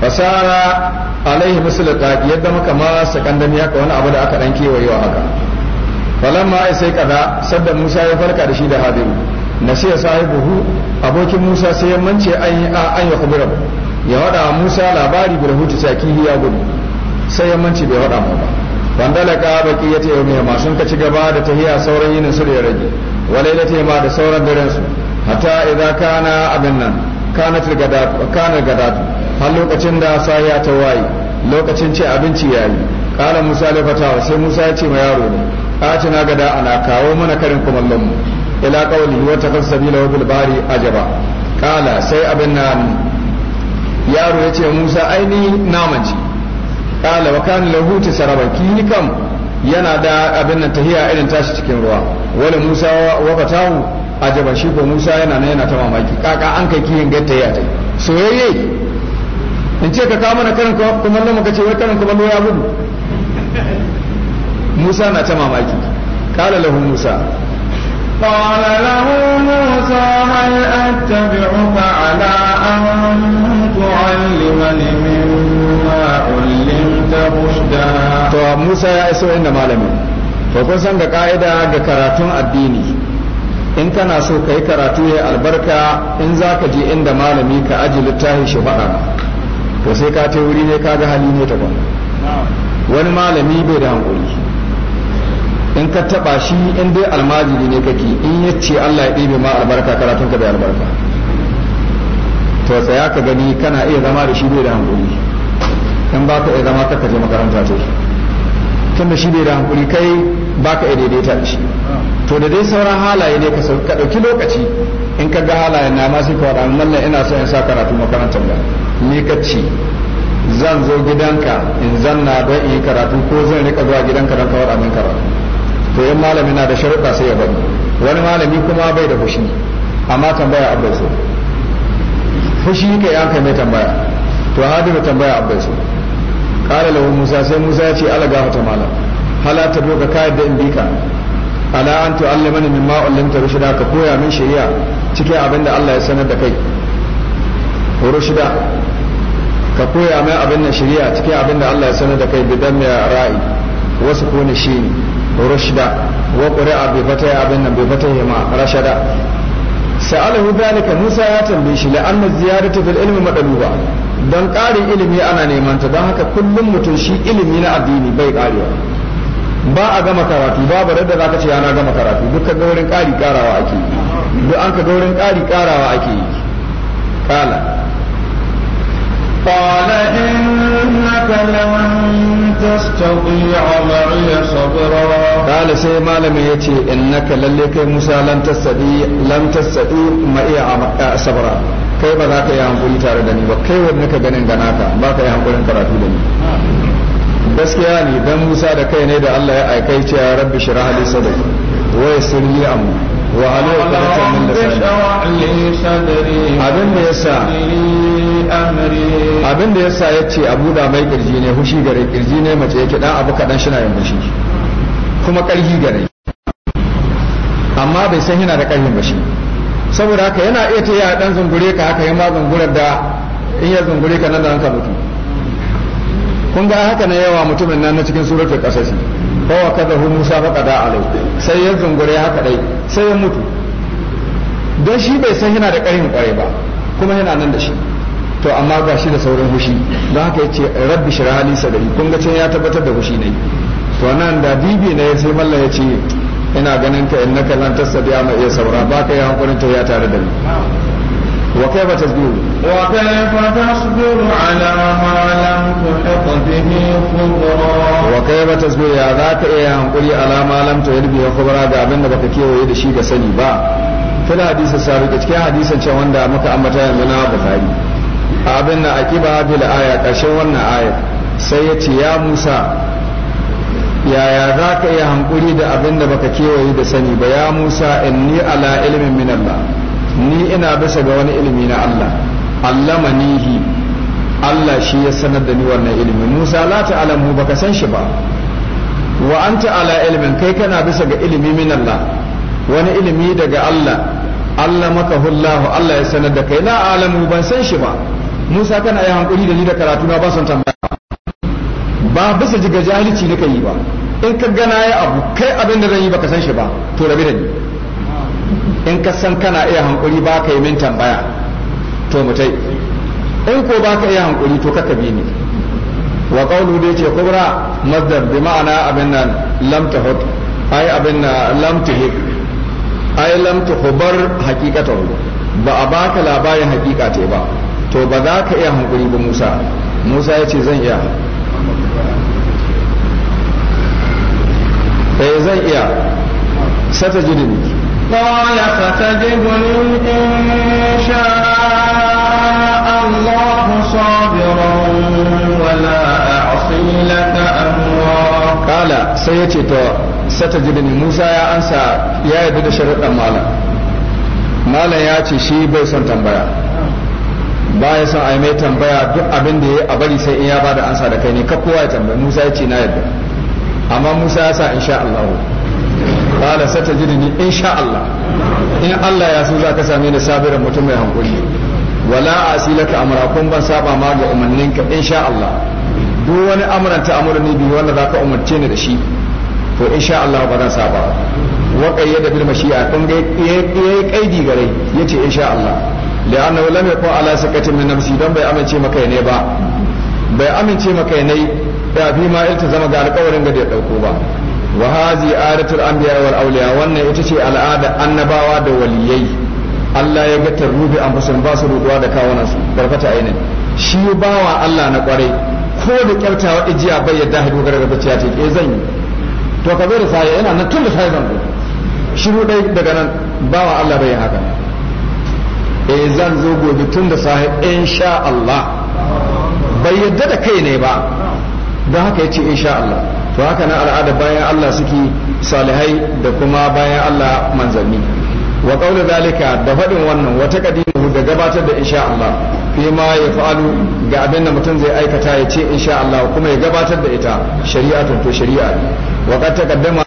fasara alaihi musulata yadda muka ma sakandami haka wani abu da aka dan kewayewa haka falamma ai sai kada sadda musa ya farka da shi da hadiru nasiya sahibuhu abokin musa sai ya mance an yi an ya kubura ya wada musa labari bil hutu sakihi ya gudu sai ya mance bai wada ba bandalaka baki yace yau mai masu ka ci gaba da tahiya sauran yinin su da ya rage walailata ma da sauran daren su hatta idza kana abin nan kana gadatu kana har lokacin da sahiya ta waye lokacin ce abinci yayi kala musa lafata sai musa ya ce ma yaro ne na gada ana kawo mana karin kumallon mu ila qawli wa taqal sabila wa bil bari ajaba kala sai abin nan yaro ya ce Musa aini namanci kala wa kan lahu tisaraba kini kam yana da abin nan tahiya irin tashi cikin ruwa wala Musa wa fatahu ajaba shi ko Musa yana nan yana ta mamaki kaka an kai kiyin gatta ya tai soyayye in ce ka kawo mana karin kumallon mu kace wai karin kumallo ya gudu musa na ta mamaki kala lahu musa قال له موسى هل أتبعك على أن تعلمني مما علمت رشدا to Musa ya iso inda malami. to kun san da ka'ida ga karatun addini in kana so ka yi karatu ya albarka in za ka je inda malami ka aji littafin shi faɗa to sai ka ta wuri ne ka ga hali ne ta wani malami bai da hankali. in ka taba shi in dai almajiri ne kake in ya ce Allah ya ɗebe ma albarka karatun ka bai albarka to tsaya ka gani kana iya zama da shi bai da hankuli in ba ka iya zama ka je makaranta ce tun da shi bai da hankuli kai ba ka iya daidaita da shi to da dai sauran halaye ne ka ɗauki lokaci in ka ga halaye na ma sai ka waɗa mallan ina so in sa karatu makarantar da ni ka ce zan zo gidanka in zanna don in yi karatu ko zan rika zuwa gidanka don ka waɗa min karatu to in malami na da sharuɗa sai ya bari wani malami kuma bai da fushi amma tambaya abai so fushi ka yi kai mai tambaya to hadiru tambaya abai so kala lahu musa sai musa ya ce ala ta malam hala ta doka kayan da in bika ala an tu'allimani mimma ta rushda ka koya min shari'a cikin abin da Allah ya sanar da kai ka koya min abin da shari'a cikin abin da Allah ya sanar da kai bidan mai ra'i wasu ko shi ne rushda wa qur'a bi ya abin nan bi ya ma rashada sa'alahu dalika Musa ya tambaye shi la'anna ziyaratu fil ilmi madaluba don ƙarin ilimi ana neman ta dan haka kullum mutum shi ilimi na addini bai ƙarewa ba a gama karatu ba bare da zaka ce yana gama karatu duk kaga wurin ƙari ƙarawa ake yi duk an kaga wurin ƙari ƙarawa ake yi kala qala innaka lawan kale sai صبرا ya ce مالم يتي إنك لليك موسى لن تستطيع لن تستطيع معي صبرا kai ba za ka yi hankuli tare da ni ba kai wanda ka ganin gana ka ba ka yi hankulin karatu da ni gaskiya ne dan Musa da kai ne da Allah ya aikai ce ya rabbi shirah li sadri wa yassir li وعليه قناة من لساني abin da yasa abin da yasa yace a mai kirji ne hushi gare kirji ne mace yake dan abu kadan shi na yin bashi kuma ƙarhi gare amma bai san yana da karhin bashi saboda haka yana iya ta ya dan zungure ka haka yamma zungurar da in ya zungure ka nan da hanka mutu kun ga haka na yawa mutumin nan na cikin suratul qasasi bawa kaza hu musa fa kada alai sai ya zungure haka dai sai ya mutu don shi bai san yana da ƙarin ƙwarai ba kuma yana nan da shi to amma ba shi da saurin hushi don haka ya ce rabbi shirali sadari kun ga can ya tabbatar da hushi ne to nan da bibi ne sai mallan ya ce ina ganin ka innaka lan tasabiya ma iya saura baka yi hankulin ta ya tare da ni وكيف تصبر وكيف تصبر على ما لم تحط به خبرا وكيف تصبر يا ذاك إيه هنقولي على ما لم تحط به خبرا ده أبن بك كيو يد شيء سني با في الحديث السابق كي حديث شوان ده مك أمتا يمنا بخاري أبن أكيبا في الآية كشوان آية سيتي يا موسى ya za ka iya hankuri da abin da baka kewaye da sani ba ya musa inni ala ilmin min Allah ni ina bisa ga wani ilimi na Allah allama nihi Allah shi ya sanar da ni wannan ilimi Musa la ta'lamu baka san shi ba wa anta ala ilmin kai kana bisa ga ilimi min Allah wani ilimi daga Allah Allah maka hullahu Allah ya sanar da kai la alamu ban san shi ba Musa kana yi hankuri da ni da karatu na ba son tambaya ba bisa ga jahilci nika yi ba in ka gana ya abu kai abin da zan yi baka san shi ba to rabi da ni in ka san kana iya hankuri ba ka yi min tambaya to mutai in ko ba ka iya hankuri to kaka bi ni wa qawlu da yace kubra masdar bi ma'ana abin nan lam tahut ai abin nan lam tahik ai lam tukhbar haqiqatan ba a baka labarin haqiqa ce ba to ba za ka iya hankuri ba Musa Musa ya ce zan iya eh zan iya sata jidini قال فتجدني إن شاء الله صابرا ولا أعصي لك أمرا قال سيتي تو ستجدني موسى يا أنسى يا يدد sharuɗan malam مالا ya ce shi bai son tambaya baya son mai tambaya duk abin da ya a bari sai in ya bada ansa da kai ne ka kowa ya tambaya Musa ya ce na yadda amma Musa ya sa insha Allah qala satajidni insha Allah in Allah ya so zaka same ni sabirin mutum mai hankuri wala asilaka amra kun ban saba ma ga umarnin ka insha Allah duk wani amran ta amurni biyu wanda za ka umarce ni da shi to insha Allah ba zan saba wa qayyada bil mashi'a kun ga yayi kaidi gare yace insha Allah la'annahu lam yakun ala sakatin min nafsi don bai amince maka ne ba bai amince maka ne ya fi ma ilta zama ga alƙawarin ga da ya dauko ba wa hazi adatul anbiya wal awliya wannan ita ce al'ada annabawa da waliyai Allah ya ga tarrubi an fasan ba su ruwa da kawunan su barkata ainin shi ba wa Allah na kwarai ko da kyartawa ijiya bai yadda haihu gargajiya ce ke eh, zan yi to ka zo da sai yana nan tun da sai zan zo shiru dai daga nan ba wa Allah bai haka eh zan zo gobe tun da sai insha Allah bai yadda da kai ne ba don haka ya ce insha Allah to haka na al'ada bayan Allah suke salihai da kuma bayan Allah manzanni wa kaula zalika da faɗin wannan wata qadimu da gabatar da insha Allah fi ma ya fa'alu ga abin da mutum zai aikata ya ce insha Allah kuma ya gabatar da ita shari'a to shari'a wa qad taqaddama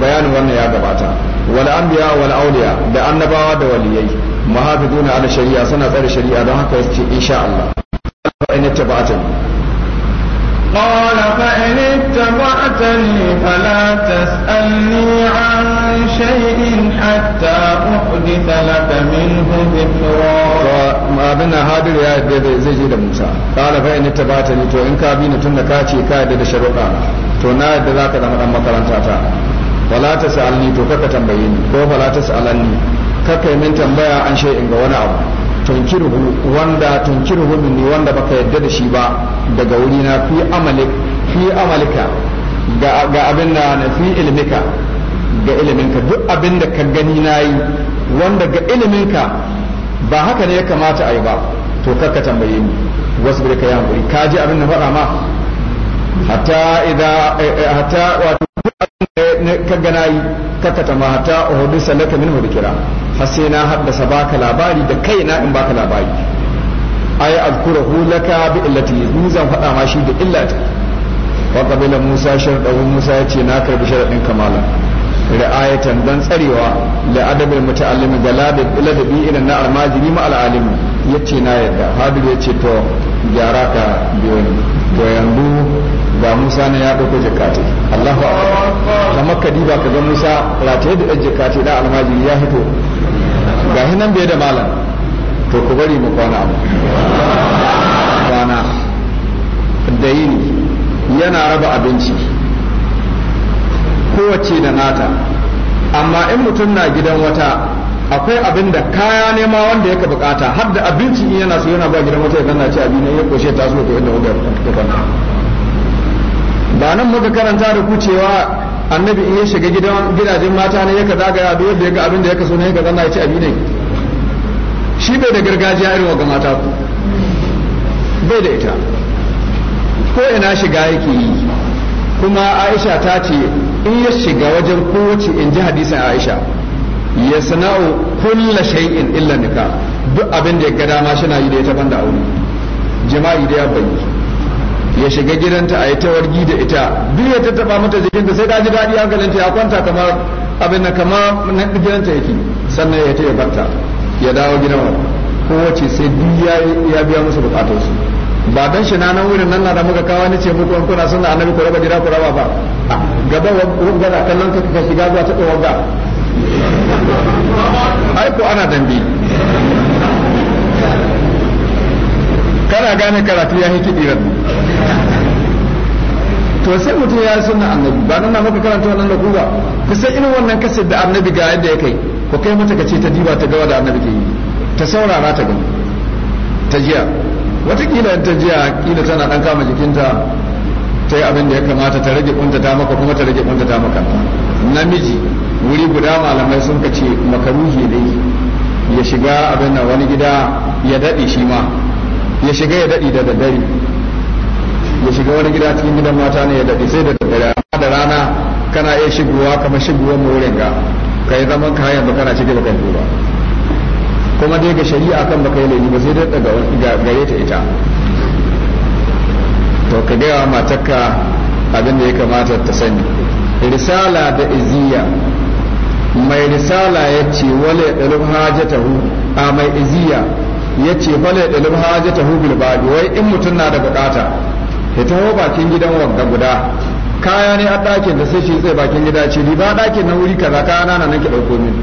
bayanin wannan ya gabata wal anbiya wal awliya da annabawa da waliyai mahafizuna ala shari'a suna tsare shari'a don haka ya ce insha Allah fa in قال فإن اتبعتني فلا تسألني عن شيء حتى أحدث لك منه ذكرا abin nan hadir ya yarda zai je da Musa kala fa in tabata ni to in ka bi ni tunda ka ce ka yarda da sharuɗa to na yarda zaka zama dan makaranta ta wala ta to kaka tambaye ni ko wala ta min tambaya an shay'in ga wani abu tunkiruhu wanda tunkiruhu ne wanda baka yarda da shi ba daga wuri na fi amalik fi amalika ga abin da na fi ilmika ga iliminka duk abin da ka gani nayi wanda ga iliminka ba haka ne ya kamata a yi ba to kakka tambaye ni wasu ka yi hankuri ka ji abin da faɗa ma hata idan eh, eh, hata wato ka gana yi kakata ma hatta uhudisa laka minhu har sai na haddasa baka labari da kaina in baka labari ay azkurahu laka bi illati ni zan faɗa ma shi da illati wa qabila musa sharɗahu musa ya na karbi sharaɗin kamala ri'ayatan dan tsarewa la adabil muta'allimi da bi irin na almajiri ma al'alimi yace na yarda ya yace to gyara ka biyo ni to yanzu ga Musa ne ya ɗauko jakati Allahu akbar da makka diba ka ga Musa rataye da ɗan jakati da almaji ya hito ga hinan bai da malam to ku bari mu kwana mu kwana da yini yana raba abinci kowace da nata amma in mutum na gidan wata akwai abin da kaya nema wanda yake bukata har da abinci in yana so yana ba gidan wata yana ci abin ya koshe ta so to inda wanda ta kwanta ba nan muka karanta da ku cewa annabi in ya shiga gidan gidajen mata ne yake zagaya da wanda yake abin da yake so ne yake zanna ya ci abin ne shi bai da gargajiya irin ga mata ku bai da ita ko ina shiga yake yi kuma Aisha ta ce in ya shiga wajen kowace in ji hadisin Aisha ya sana'u kulla shay'in illa nika duk abin da ya ga dama shi na yi da ya taban da aure jama'i da ya bayyi ya shiga gidanta a yi tawargi da ita duk ya tattaba mata ta sai ta ji hankalin ta ya kwanta kamar abin na kama na gidanta yake sannan ya taya barta ya dawo gidan wa kowace sai duk ya biya musu su ba dan shi nan wurin nan na da muka kawo ni ce muku an kuna sunna annabi ku raba gida ku raba ba gaba gaba kallon ka shiga zuwa ta wanga aiko ana dambe kana gane karatu ya yi kiɗi to sai mutum ya suna annabi ba nan na maka karanta wannan lagu ba ku sai irin wannan kasar da annabi ga yadda ya kai ku kai mata kace ta diba ta gawa da annabi ke yi ta saurara ta gani ta jiya watakila ta jiya kila tana dan kama jikinta ta yi abin da ya kamata ta rage kunta ta maka kuma ta rage kunta ta maka namiji wuri guda malamai sun ka ce makaruhi dai ya shiga abin nan wani gida ya daɗe shi ma ya shiga ya daɗe da daddare ya shiga wani gida cikin gidan mata ne ya daɗe sai da daddare amma da rana kana iya shigowa kamar shigowar wurin ga ka yi zaman ka yanzu kana cike da yi ba kuma dai ga shari'a kan baka yi laifi ba sai dai daga gare ta ita to ka gaya matarka abin da ya kamata ta sani risala da iziya mai risala ya ce wale ɗalib hajatahu a mai iziya ya ce wale ɗalib hajatahu bilbabi wai in mutum na da bukata ya taho bakin gidan wagga guda kaya ne a ɗakin da sai shi tsaye bakin gida ce ba ɗakin na wuri kaza kaya na nan ki ɗauko min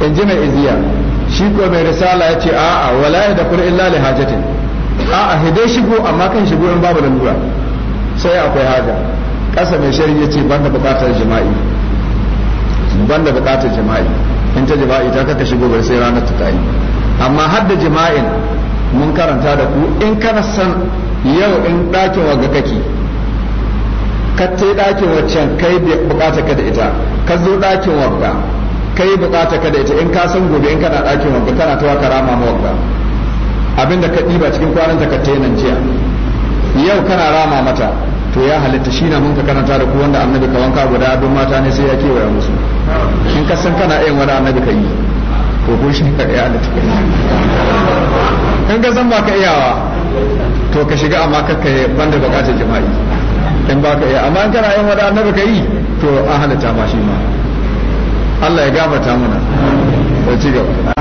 in ji mai iziya shi ko mai risala ya ce a'a wala da in illa li a a'a hidai shigo amma kan shigo in babu lalura sai akwai haja ƙasa mai shari'a ce ban da buƙatar jima'i banda bukatar jima'i in ta jima'i ta kaka shigo bai sai ranar ta tayi amma har da jima'in mun karanta da ku in kana san yau in ɗakin waga kake ka tai ɗakin waccan kai bukatar ka da ita ka zo ɗakin waga kai bukatar ka da ita in ka san gobe in kana ɗakin waga kana ta waka rama waga abinda ka ɗiba cikin kwanan ta ka nan jiya yau kana rama mata to ya halitta shi na mun ka karanta da ku wanda annabi ka wanka guda don mata ne sai ya kewaya musu in ka san kana yin wani annabi ka yi to ko shi ka iya halitta ka yi in ka san ba ka iyawa to ka shiga amma kakka banda bukatar jima'i in ba ka iya amma in kana yin wani annabi ka yi to an halitta ma shi ma Allah ya gabata mana ci gaba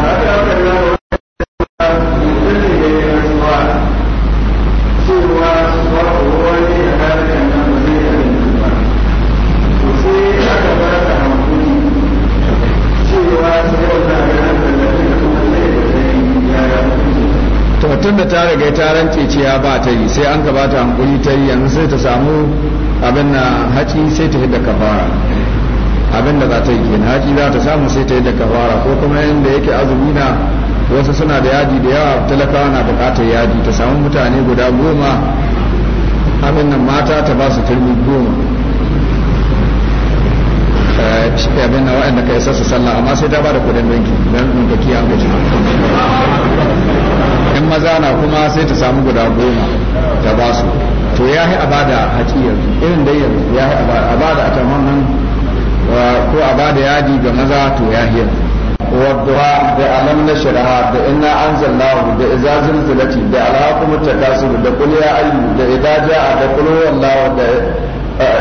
to tun da ta riga ta rance ciya ba ta yi sai an gabata hankuli ta yi yanzu sai ta samu abin na haci sai ta hidda kafara abin da za ta yi na haci za ta samu sai ta hidda kafara ko kuma yadda yake azumi na wasu suna da yadi da yawa talakawa na bukatar yadi ta samu mutane guda goma abin nan mata ta ba su turmi goma eh, abin na waɗanda kai sassa sallah amma sai ta ba da kudin banki don ɗaukaki an gaji in maza na kuma sai ta samu guda goma ta ba su to ya yi a bada haƙi yanzu irin dai yanzu ya yi a bada a taman nan ko a bada yadi ga maza to ya yi yanzu wadda da alam na shari'a da ina an zallahu da iza zilzilati da alhakumar takasir da kuliya ayyu da idza ja'a da kulu wallahu da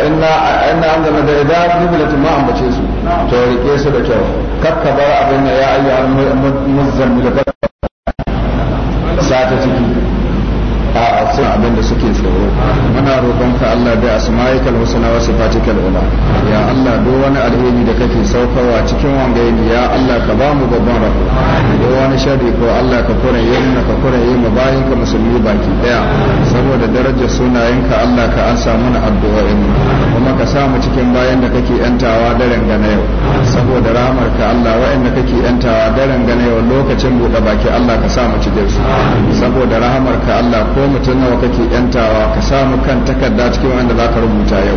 ina inna an zama da idza zilzilati ma ambace su to rike su da kyau kakka bar abin ya ayyu al muzammil ta ciki a'a sun abin da suke tsoro muna ka Allah da asma'ikal husna wa sifatikal ula ya Allah duk wani alheri da kake saukarwa cikin wangayi ya Allah ka ba mu babban rabo duk wani sharri ko Allah ka kore yin ka kore yi mu bayin ka musulmi baki daya saboda darajar sunayenka Allah ka an samu na mu. kuma ka sa mu cikin bayan da kake yantawa daren gane yau saboda rahmar ka Allah wa'anda kake yantawa daren gane yau lokacin buɗe baki Allah ka sa mu cikin su saboda rahmar ka Allah ko ko mutum nawa kake yantawa ka samu kan takarda cikin wanda za ka rubuta yau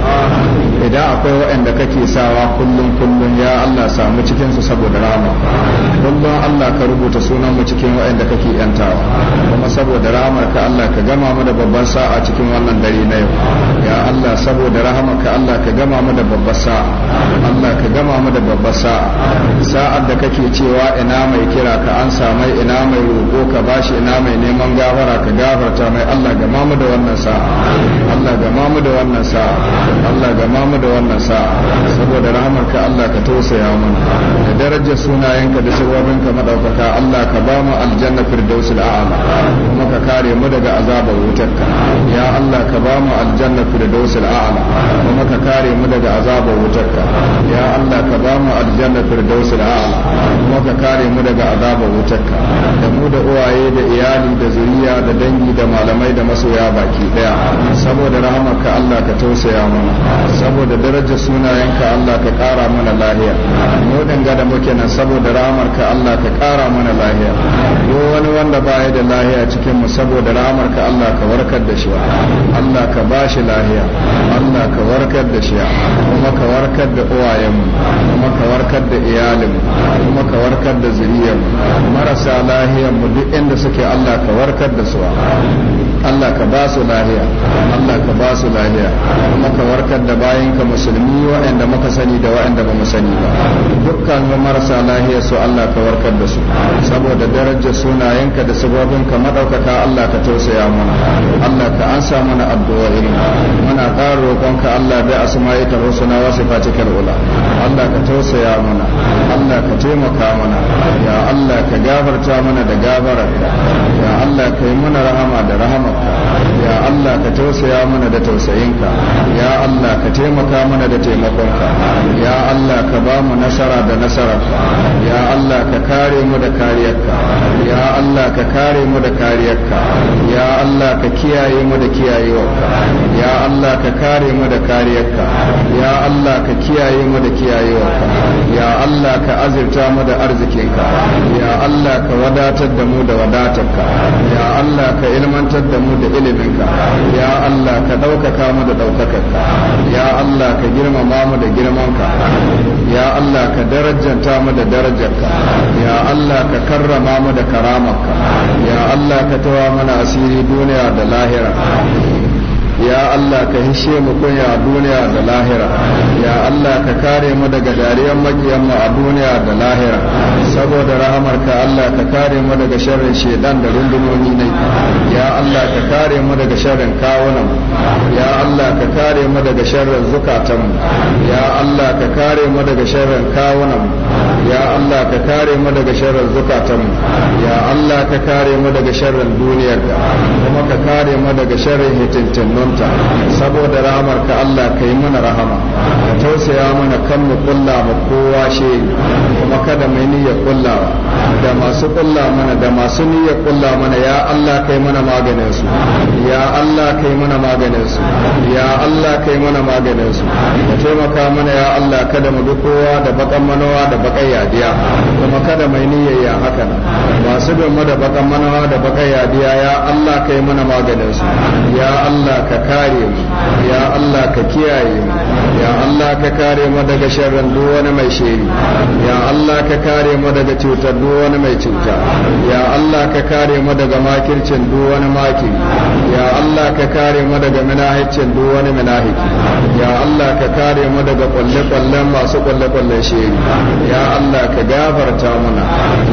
idan akwai waɗanda kake sawa kullum kullum ya Allah samu cikin su saboda rama kullum Allah ka rubuta sunan mu cikin waɗanda kake yantawa kuma saboda ramar ka Allah ka gama mu da babban sa'a cikin wannan dare na yau ya Allah saboda rahamar ka Allah ka gama mu da babban sa'a Allah ka gama mu da babban sa'a sa'ar da kake cewa ina mai kira ka an samu ina mai roƙo ka bashi ina mai neman gafara ka gafarta malamai Allah ga mamu da wannan sa'a Allah ga mamu da wannan sa'a Allah ga mamu da wannan sa'a saboda Allah ka tausaya mana da darajar sunayenka da sababinka madaukaka Allah ka ba mu aljanna firdausul a'la kuma ka kare mu daga azabar ya Allah ka ba mu aljanna kuma ka kare mu daga azabar wutarka ya Allah ka ba mu aljanna kuma ka kare mu daga azabar da mu da uwaye da iyali da zuriya da dangi da malamai malamai da masoya baki daya saboda rahamarka Allah ka tausaya mana saboda darajar sunayenka Allah ka kara mana lahiya mu dinga da muke nan saboda rahamarka Allah ka kara mana lahiya duk wani wanda baya da lahiya cikin mu saboda rahamarka Allah ka warkar da shi Allah ka bashi lahiya Allah ka warkar da shi kuma ka warkar da mu kuma ka warkar da mu kuma ka warkar da mu marasa mu duk inda suke Allah ka warkar da su Allah ka ba su lahiya Allah ka ba su lahiya kuma ka warkar da bayan ka musulmi waɗanda muka sani da waɗanda ba mu sani ba dukkan marasa lahiya su Allah ka warkar da su saboda darajar sunayenka da sababin ka madaukaka Allah ka tausaya mana Allah ka ansa mana irin muna ƙara ka Allah bai asma'i ta rusuna wa sifatikal ula Allah ka tausaya mana Allah ka taimaka mana ya Allah ka gafarta mana da gafararka ya Allah ka yi mana rahama da rahamarka ya Allah ka tausaya mana da tausayinka ya Allah ka taimaka mana da taimakonka ya Allah ka ba mu nasara da nasararka ya Allah ka kare mu da kariyarka ya Allah ka kare mu da kariyarka ya Allah ka kiyaye mu da kiyayewarka ya Allah ka kare mu da kariyarka ya Allah ka kiyaye mu da kiyayewarka ya Allah ka azirta mu da arzikinka ya Allah ka wadatar da mu da wadatarka ya Allah ka ilman ni'mantar da mu da iliminka ya Allah ka ɗaukaka mu da ɗaukakarka ya Allah ka girmama mu da girmanka ya Allah ka darajanta mu da darajarka ya Allah ka karrama mu da karamarka ya Allah ka tawa mana asiri duniya da lahira ya Allah ka hishe mu kunya a duniya da lahira ya Allah ka kare mu daga dariyar makiyan mu a duniya da lahira saboda rahamarka Allah ka kare mu daga sharrin shedan da rundunoni ne ya Allah ka kare mu daga sharrin kawunan ya Allah ka kare mu daga sharrin zukatan ya Allah ka kare mu daga sharrin kawunan ya Allah ka kare mu daga sharrin zukatanmu ya Allah ka kare mu daga sharrin duniyar ka. kuma ka kare mu daga sharrin hitintinnunta saboda rahamar ka Allah ka yi mana rahama ka tausaya mana kan mu kulla mu kowa shi kuma kada mai niyya kulla da masu kulla mana da masu niyya kulla mana ya Allah kai mana maganin su ya Allah kai mana maganin su ya Allah kai mana maganin su ka taimaka mana ya Allah kada mu bi kowa da bakan manowa da bakan yadiya kuma kada mai niyya ya haka masu bin mu da bakan manawa da bakan yadiya ya Allah kai mana maganin su ya Allah ka kare mu ya Allah ka kiyaye mu ya Allah ka kare mu daga sharrin duk wani mai shiri ya Allah ka kare mu daga cutar duk wani mai cuta ya Allah ka kare mu daga makircin duk wani makiri ya Allah ka kare mu daga minahicin duk wani minahiki ya Allah ka kare mu daga kwalle-kwallen masu kwalle-kwallen shiri ya Allah Allah ka gafarta mana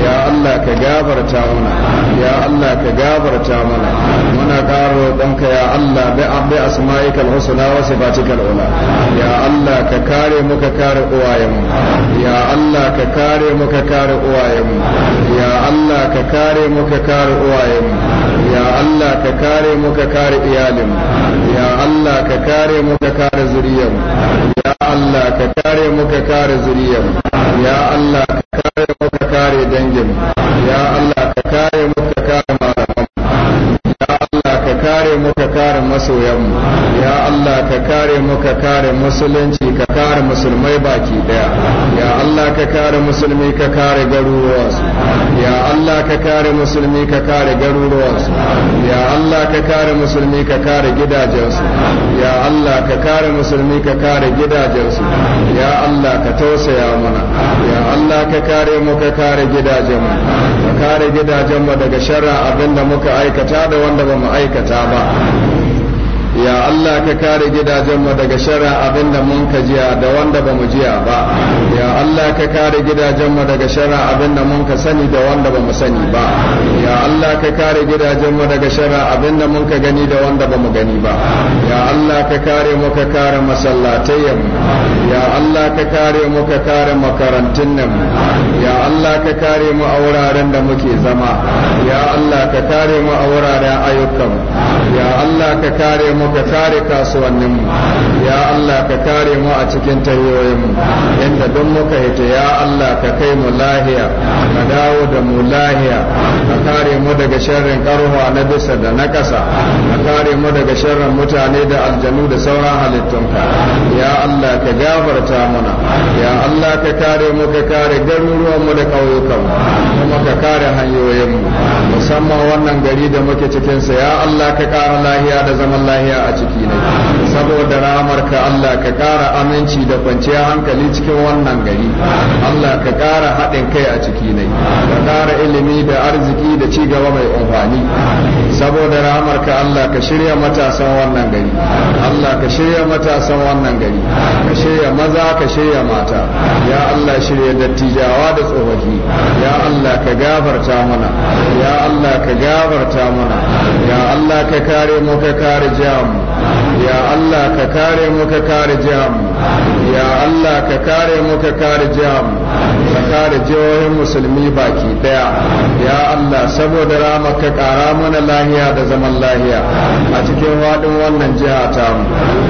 ya Allah ka gafarta mana ya Allah ka gafarta mana muna ƙara roƙonka ya Allah bi abbi husna wa ula ya Allah ka kare mu ka kare uwayenmu ya Allah ka kare mu ka kare uwayenmu ya Allah ka kare mu ka kare uwayenmu ya Allah ka kare mu ka kare iyalinmu ya Allah ka kare mu ka kare zuriyarmu ya Allah ka kare mu ka kare zuriyarmu ya Allah ka kare mu ka kare dangin ya Allah ka kare mu ka kare malaman ya Allah ka kare mu kare masoyanmu ya Allah ka kare mu ka kare musulunci ka kare musulmai baki daya ya Allah ka kare musulmi ka kare garuruwansu ya Allah ka kare musulmi ka kare garuruwansu ya Allah ka kare musulmi ka kare gidajensu ya Allah ka kare musulmi ka kare gidajensu ya Allah ka tausaya mana ya Allah ka kare mu ka kare gidajenmu ka kare gidajenmu daga sharra abinda muka aikata da wanda ba mu aikata ba ya Allah ka kare gidajenmu daga sharin abin da mun ka jiya da wanda ba mu jiya ba ya Allah ka kare gidajenmu daga sharin abin da mun ka sani da wanda ba mu sani ba ya Allah ka kare gidajenmu daga sharin abin da mun ka gani da wanda ba mu gani ba ya Allah ka kare mu ka kare masallatayen ya Allah ka kare mu ka kare makarantun nan ya Allah ka kare mu a wuraren da muke zama ya Allah ka kare mu a wuraren ayyukan ya Allah ka kare mu mu ka kare kasuwannin mu ya Allah ka kare mu a cikin tayoyin mu inda duk muka hita ya Allah ka kai mu lahiya ka dawo da mu lahiya ka kare mu daga sharrin karuwa na bisa da na ƙasa ka kare mu daga sharrin mutane da aljanu da sauran halittunka ya Allah ka gafarta mana ya Allah ka kare mu ka kare garuruwan mu da ƙauyukanmu mu kuma ka kare hanyoyin mu musamman wannan gari da muke cikin sa ya Allah ka kara lahiya da zaman lahiya duniya a ciki ne saboda rahamarka Allah ka ƙara aminci da kwanciyar hankali cikin wannan gari Allah ka ƙara haɗin kai a ciki ne ka ƙara ilimi da arziki da ci gaba mai amfani saboda rahamarka Allah ka shirya matasan wannan gari Allah ka shirya matasan wannan gari ka shirya maza ka shirya mata ya Allah shirya dattijawa da tsofaffi ya Allah ka gafarta mana ya Allah ka gafarta mana ya Allah ka kare mu ka kare jawo الكرم ya Allah ka kare mu ka kare jiham ya Allah ka kare mu ka kare jiham ka kare jihohin musulmi baki daya ya Allah saboda rama ka kara mana lahiya da zaman lahiya a cikin wadin wannan jiha ta mu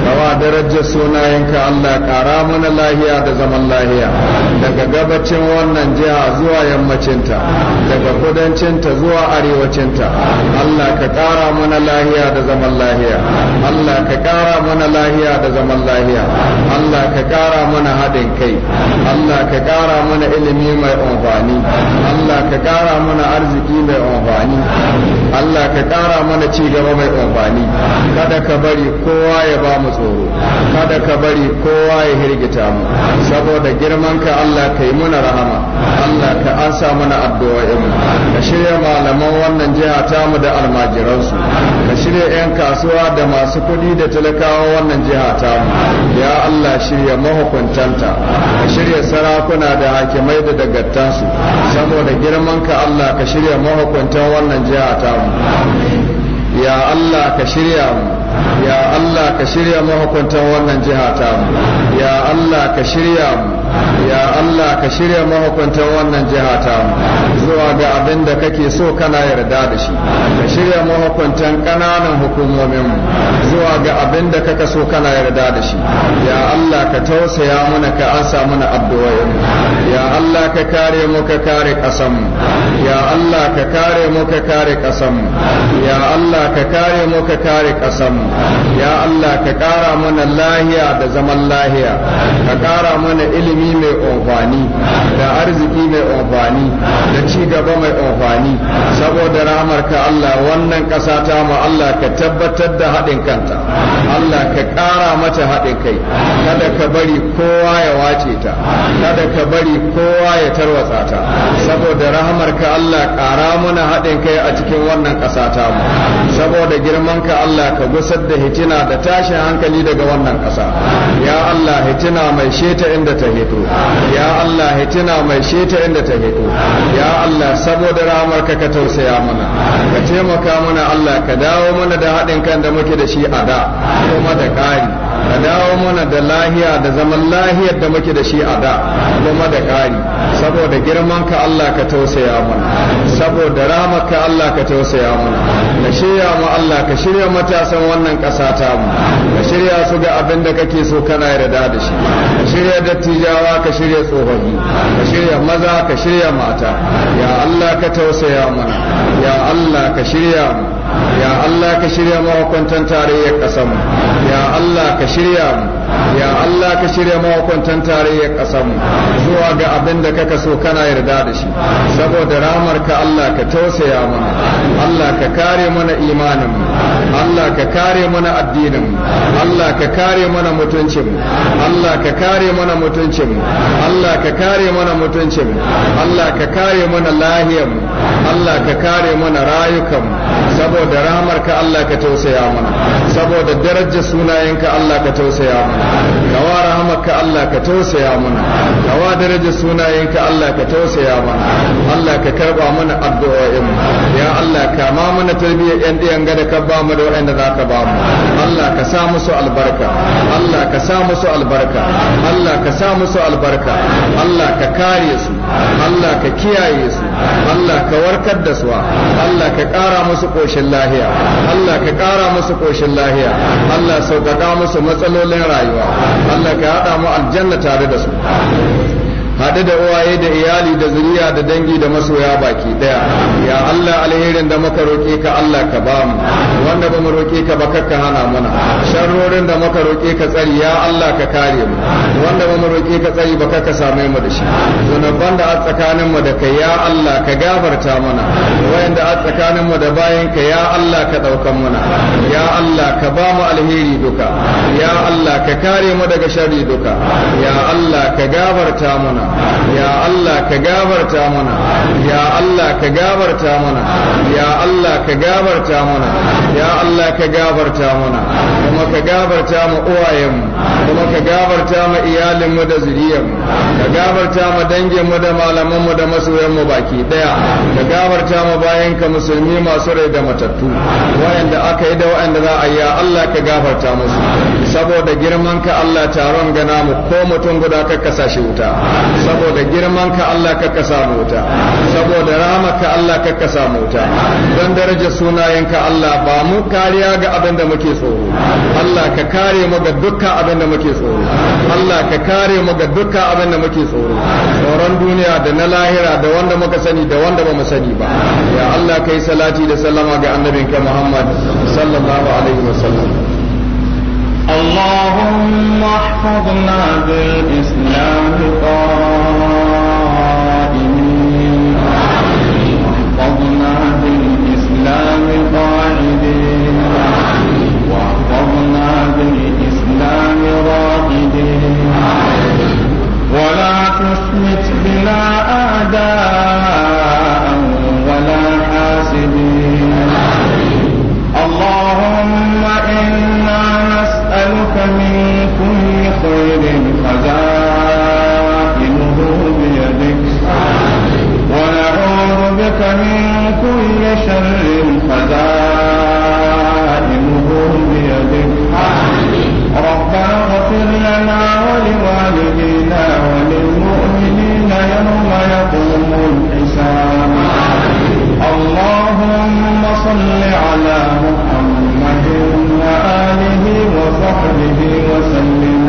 kawa darajar sunayenka Allah kara mana lahiya da zaman lahiya daga gabacin wannan jiha zuwa yammacinta daga kudancinta zuwa arewacinta Allah ka kara mana lahiya da zaman lahiya Allah ka kara mana lahiya da zaman lahiya Allah ka ƙara mana haɗin kai Allah ka kara mana ilimi mai amfani Allah ka kara mana arziki mai amfani Allah ka kara mana ci gaba mai amfani kada ka bari kowa ya ba mu tsoro kada ka bari kowa ya hirgita mu saboda girman ka Allah ka yi muna rahama Allah ka ansa mana addu'o'in mu ka shirya malaman wannan jiha tamu da almajiran su. ka shirya 'yan kasuwa da masu kuɗi da talakawa wannan jiha ta ya Allah shirya mahukuntanta ka shirya sarakuna da hakimai da dagattansu saboda girman ka Allah ka shirya mahukuntan wannan jiha ta ya Allah ka shirya mu ya Allah ka shirya mahukuntan wannan jiha ta ya Allah ka shirya mu ya Allah ka shirya mahukuntan wannan jiha ta zuwa ga abin da kake so kana yarda da shi ka shirya mahukuntan ƙananan hukumomin zuwa ga abin da kake so kana yarda da shi ya Allah ka tausaya mana ka ansa mana addu'o'in ya Allah ka kare mu ka kare ƙasan. ya Allah ka kare mu ka kare ƙasan. ya Allah ka kare mu ka kare ƙasan. ya Allah ka ƙara mana lahiya da zaman lahiya ka ƙara mana ilimi ilimi mai amfani da arziki mai amfani da ci gaba mai amfani saboda ka Allah wannan ƙasa ta mu Allah ka tabbatar da haɗin kanta Allah ka ƙara mata haɗin kai kada ka bari kowa ya wace ta kada ka bari kowa ya tarwatsa ta saboda ka Allah ƙara mana haɗin kai a cikin wannan ƙasa ta mu saboda ka Allah ka gusar da hitina da tashin hankali daga wannan ƙasa ya Allah hitina mai sheta inda ta hito hito ya Allah hitina mai sheta inda ta hito ya Allah saboda ramar ka ka tausaya mana ka taimaka mana Allah ka dawo mana da haɗin kan da muke da shi a da kuma da ƙari ka dawo mana da lahiya da zaman lahiyar da muke da shi a da kuma da ƙari saboda girman ka Allah ka tausaya mana saboda ramar ka Allah ka tausaya mana ka shirya mu Allah ka shirya matasan wannan ƙasa ta mu ka shirya su ga abin da kake so kana yarda da shi ka shirya dattijawa talakawa ka shirya tsofaffi ka shirya maza ka shirya mata ya Allah ka tausaya mana ya Allah ka shirya mu ya Allah ka shirya mahukuntan tarayyar ƙasar mu ya Allah ka shirya mu ya Allah ka shirya mahukuntan tarayyar ƙasarmu zuwa ga abin da kaka so kana yarda da shi saboda ramar ka Allah ka tausaya mana Allah ka kare mana imaninmu Allah ka kare mana addininmu Allah ka kare mana mutuncinmu Allah ka kare mana mutuncinmu Allah ka kare mana mutuncinmu Allah ka kare mana lahiyarmu Allah ka kare mana rayukanmu saboda ramar ka Allah ka tausaya mana saboda darajar sunayenka Allah ka tausaya mana kawa hamaka Allah ka tausaya mana kawa daraja sunayenka Allah ka tausaya mana Allah ka karba mana addu'o'in ya Allah ka ma mana tarbiya yan diyan gada ka ba mu da wanda zaka ba mu Allah ka sa musu albarka Allah ka sa musu albarka Allah ka sa musu albarka Allah ka kare su Allah ka kiyaye su Allah ka warkar da su Allah ka ƙara musu koshin lahiya Allah ka ƙara musu koshin lahiya Allah sauƙaƙa musu matsalolin rayuwa rayuwa Allah ka haɗa mu aljanna tare da su haɗu da uwaye da iyali da zuriya da dangi da masoya baki ɗaya ya Allah alherin da muka roƙe ka Allah ka ba mu wanda ba mu roƙe ka ba kakka hana mana sharrorin da muka roƙe ka tsari ya Allah ka kare mu wanda ba mu roƙe ka tsari ba kakka same mu da shi zunuban da a tsakanin mu da kai ya Allah ka gafarta mana da a tsakanin mu da bayan ka ya Allah ka ɗaukan mana ya Allah ka ba mu alheri duka ya Allah ka kare mu daga sharri duka ya Allah ka gafarta mana ya Allah ka gabarta mana ya Allah ka gabarta mana ya Allah ka gabarta mana ya ka gabarta mu uwayenmu kuma ka gabarta mu iyalinmu da zuriyarmu ka gabarta mu danginmu da malamanmu da masoyanmu baki daya ka gabarta mu bayan ka musulmi masu rai da matattu wayanda aka yi da wayanda za a yi ya Allah ka gafarta musu saboda girman ka Allah taron gana mu ko mutum guda ka kasashe wuta saboda girman ka Allah ka ka samu wuta saboda ka Allah ka ka samu wuta don daraja sunayen ka Allah ba mu kariya ga abin da muke tsoro Allah ka kare mu ga dukkan abin da muke tsoro Allah ka kare mu ga dukkan abin da muke tsoro tsoron duniya da na lahira da wanda muka sani da wanda ba mu sani ba ya Allah kai salati da sallama ga annabin ka Muhammad sallallahu alaihi wasallam اللهم احفظنا بالإسلام قائما ولا تصمت بنا أعداء ولا حاسدين اللهم إنا نسألك من كل خير خزائنه بيدك ونعوذ بك من كل شر خزائنه بيدك ربنا اغفر لنا ولوالدنا صل على محمد وآله وصحبه وسلم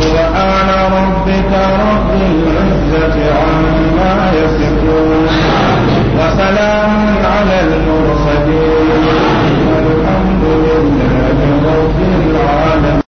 سبحان ربك رب العزة عما يصفون وسلام على المرسلين والحمد لله رب العالمين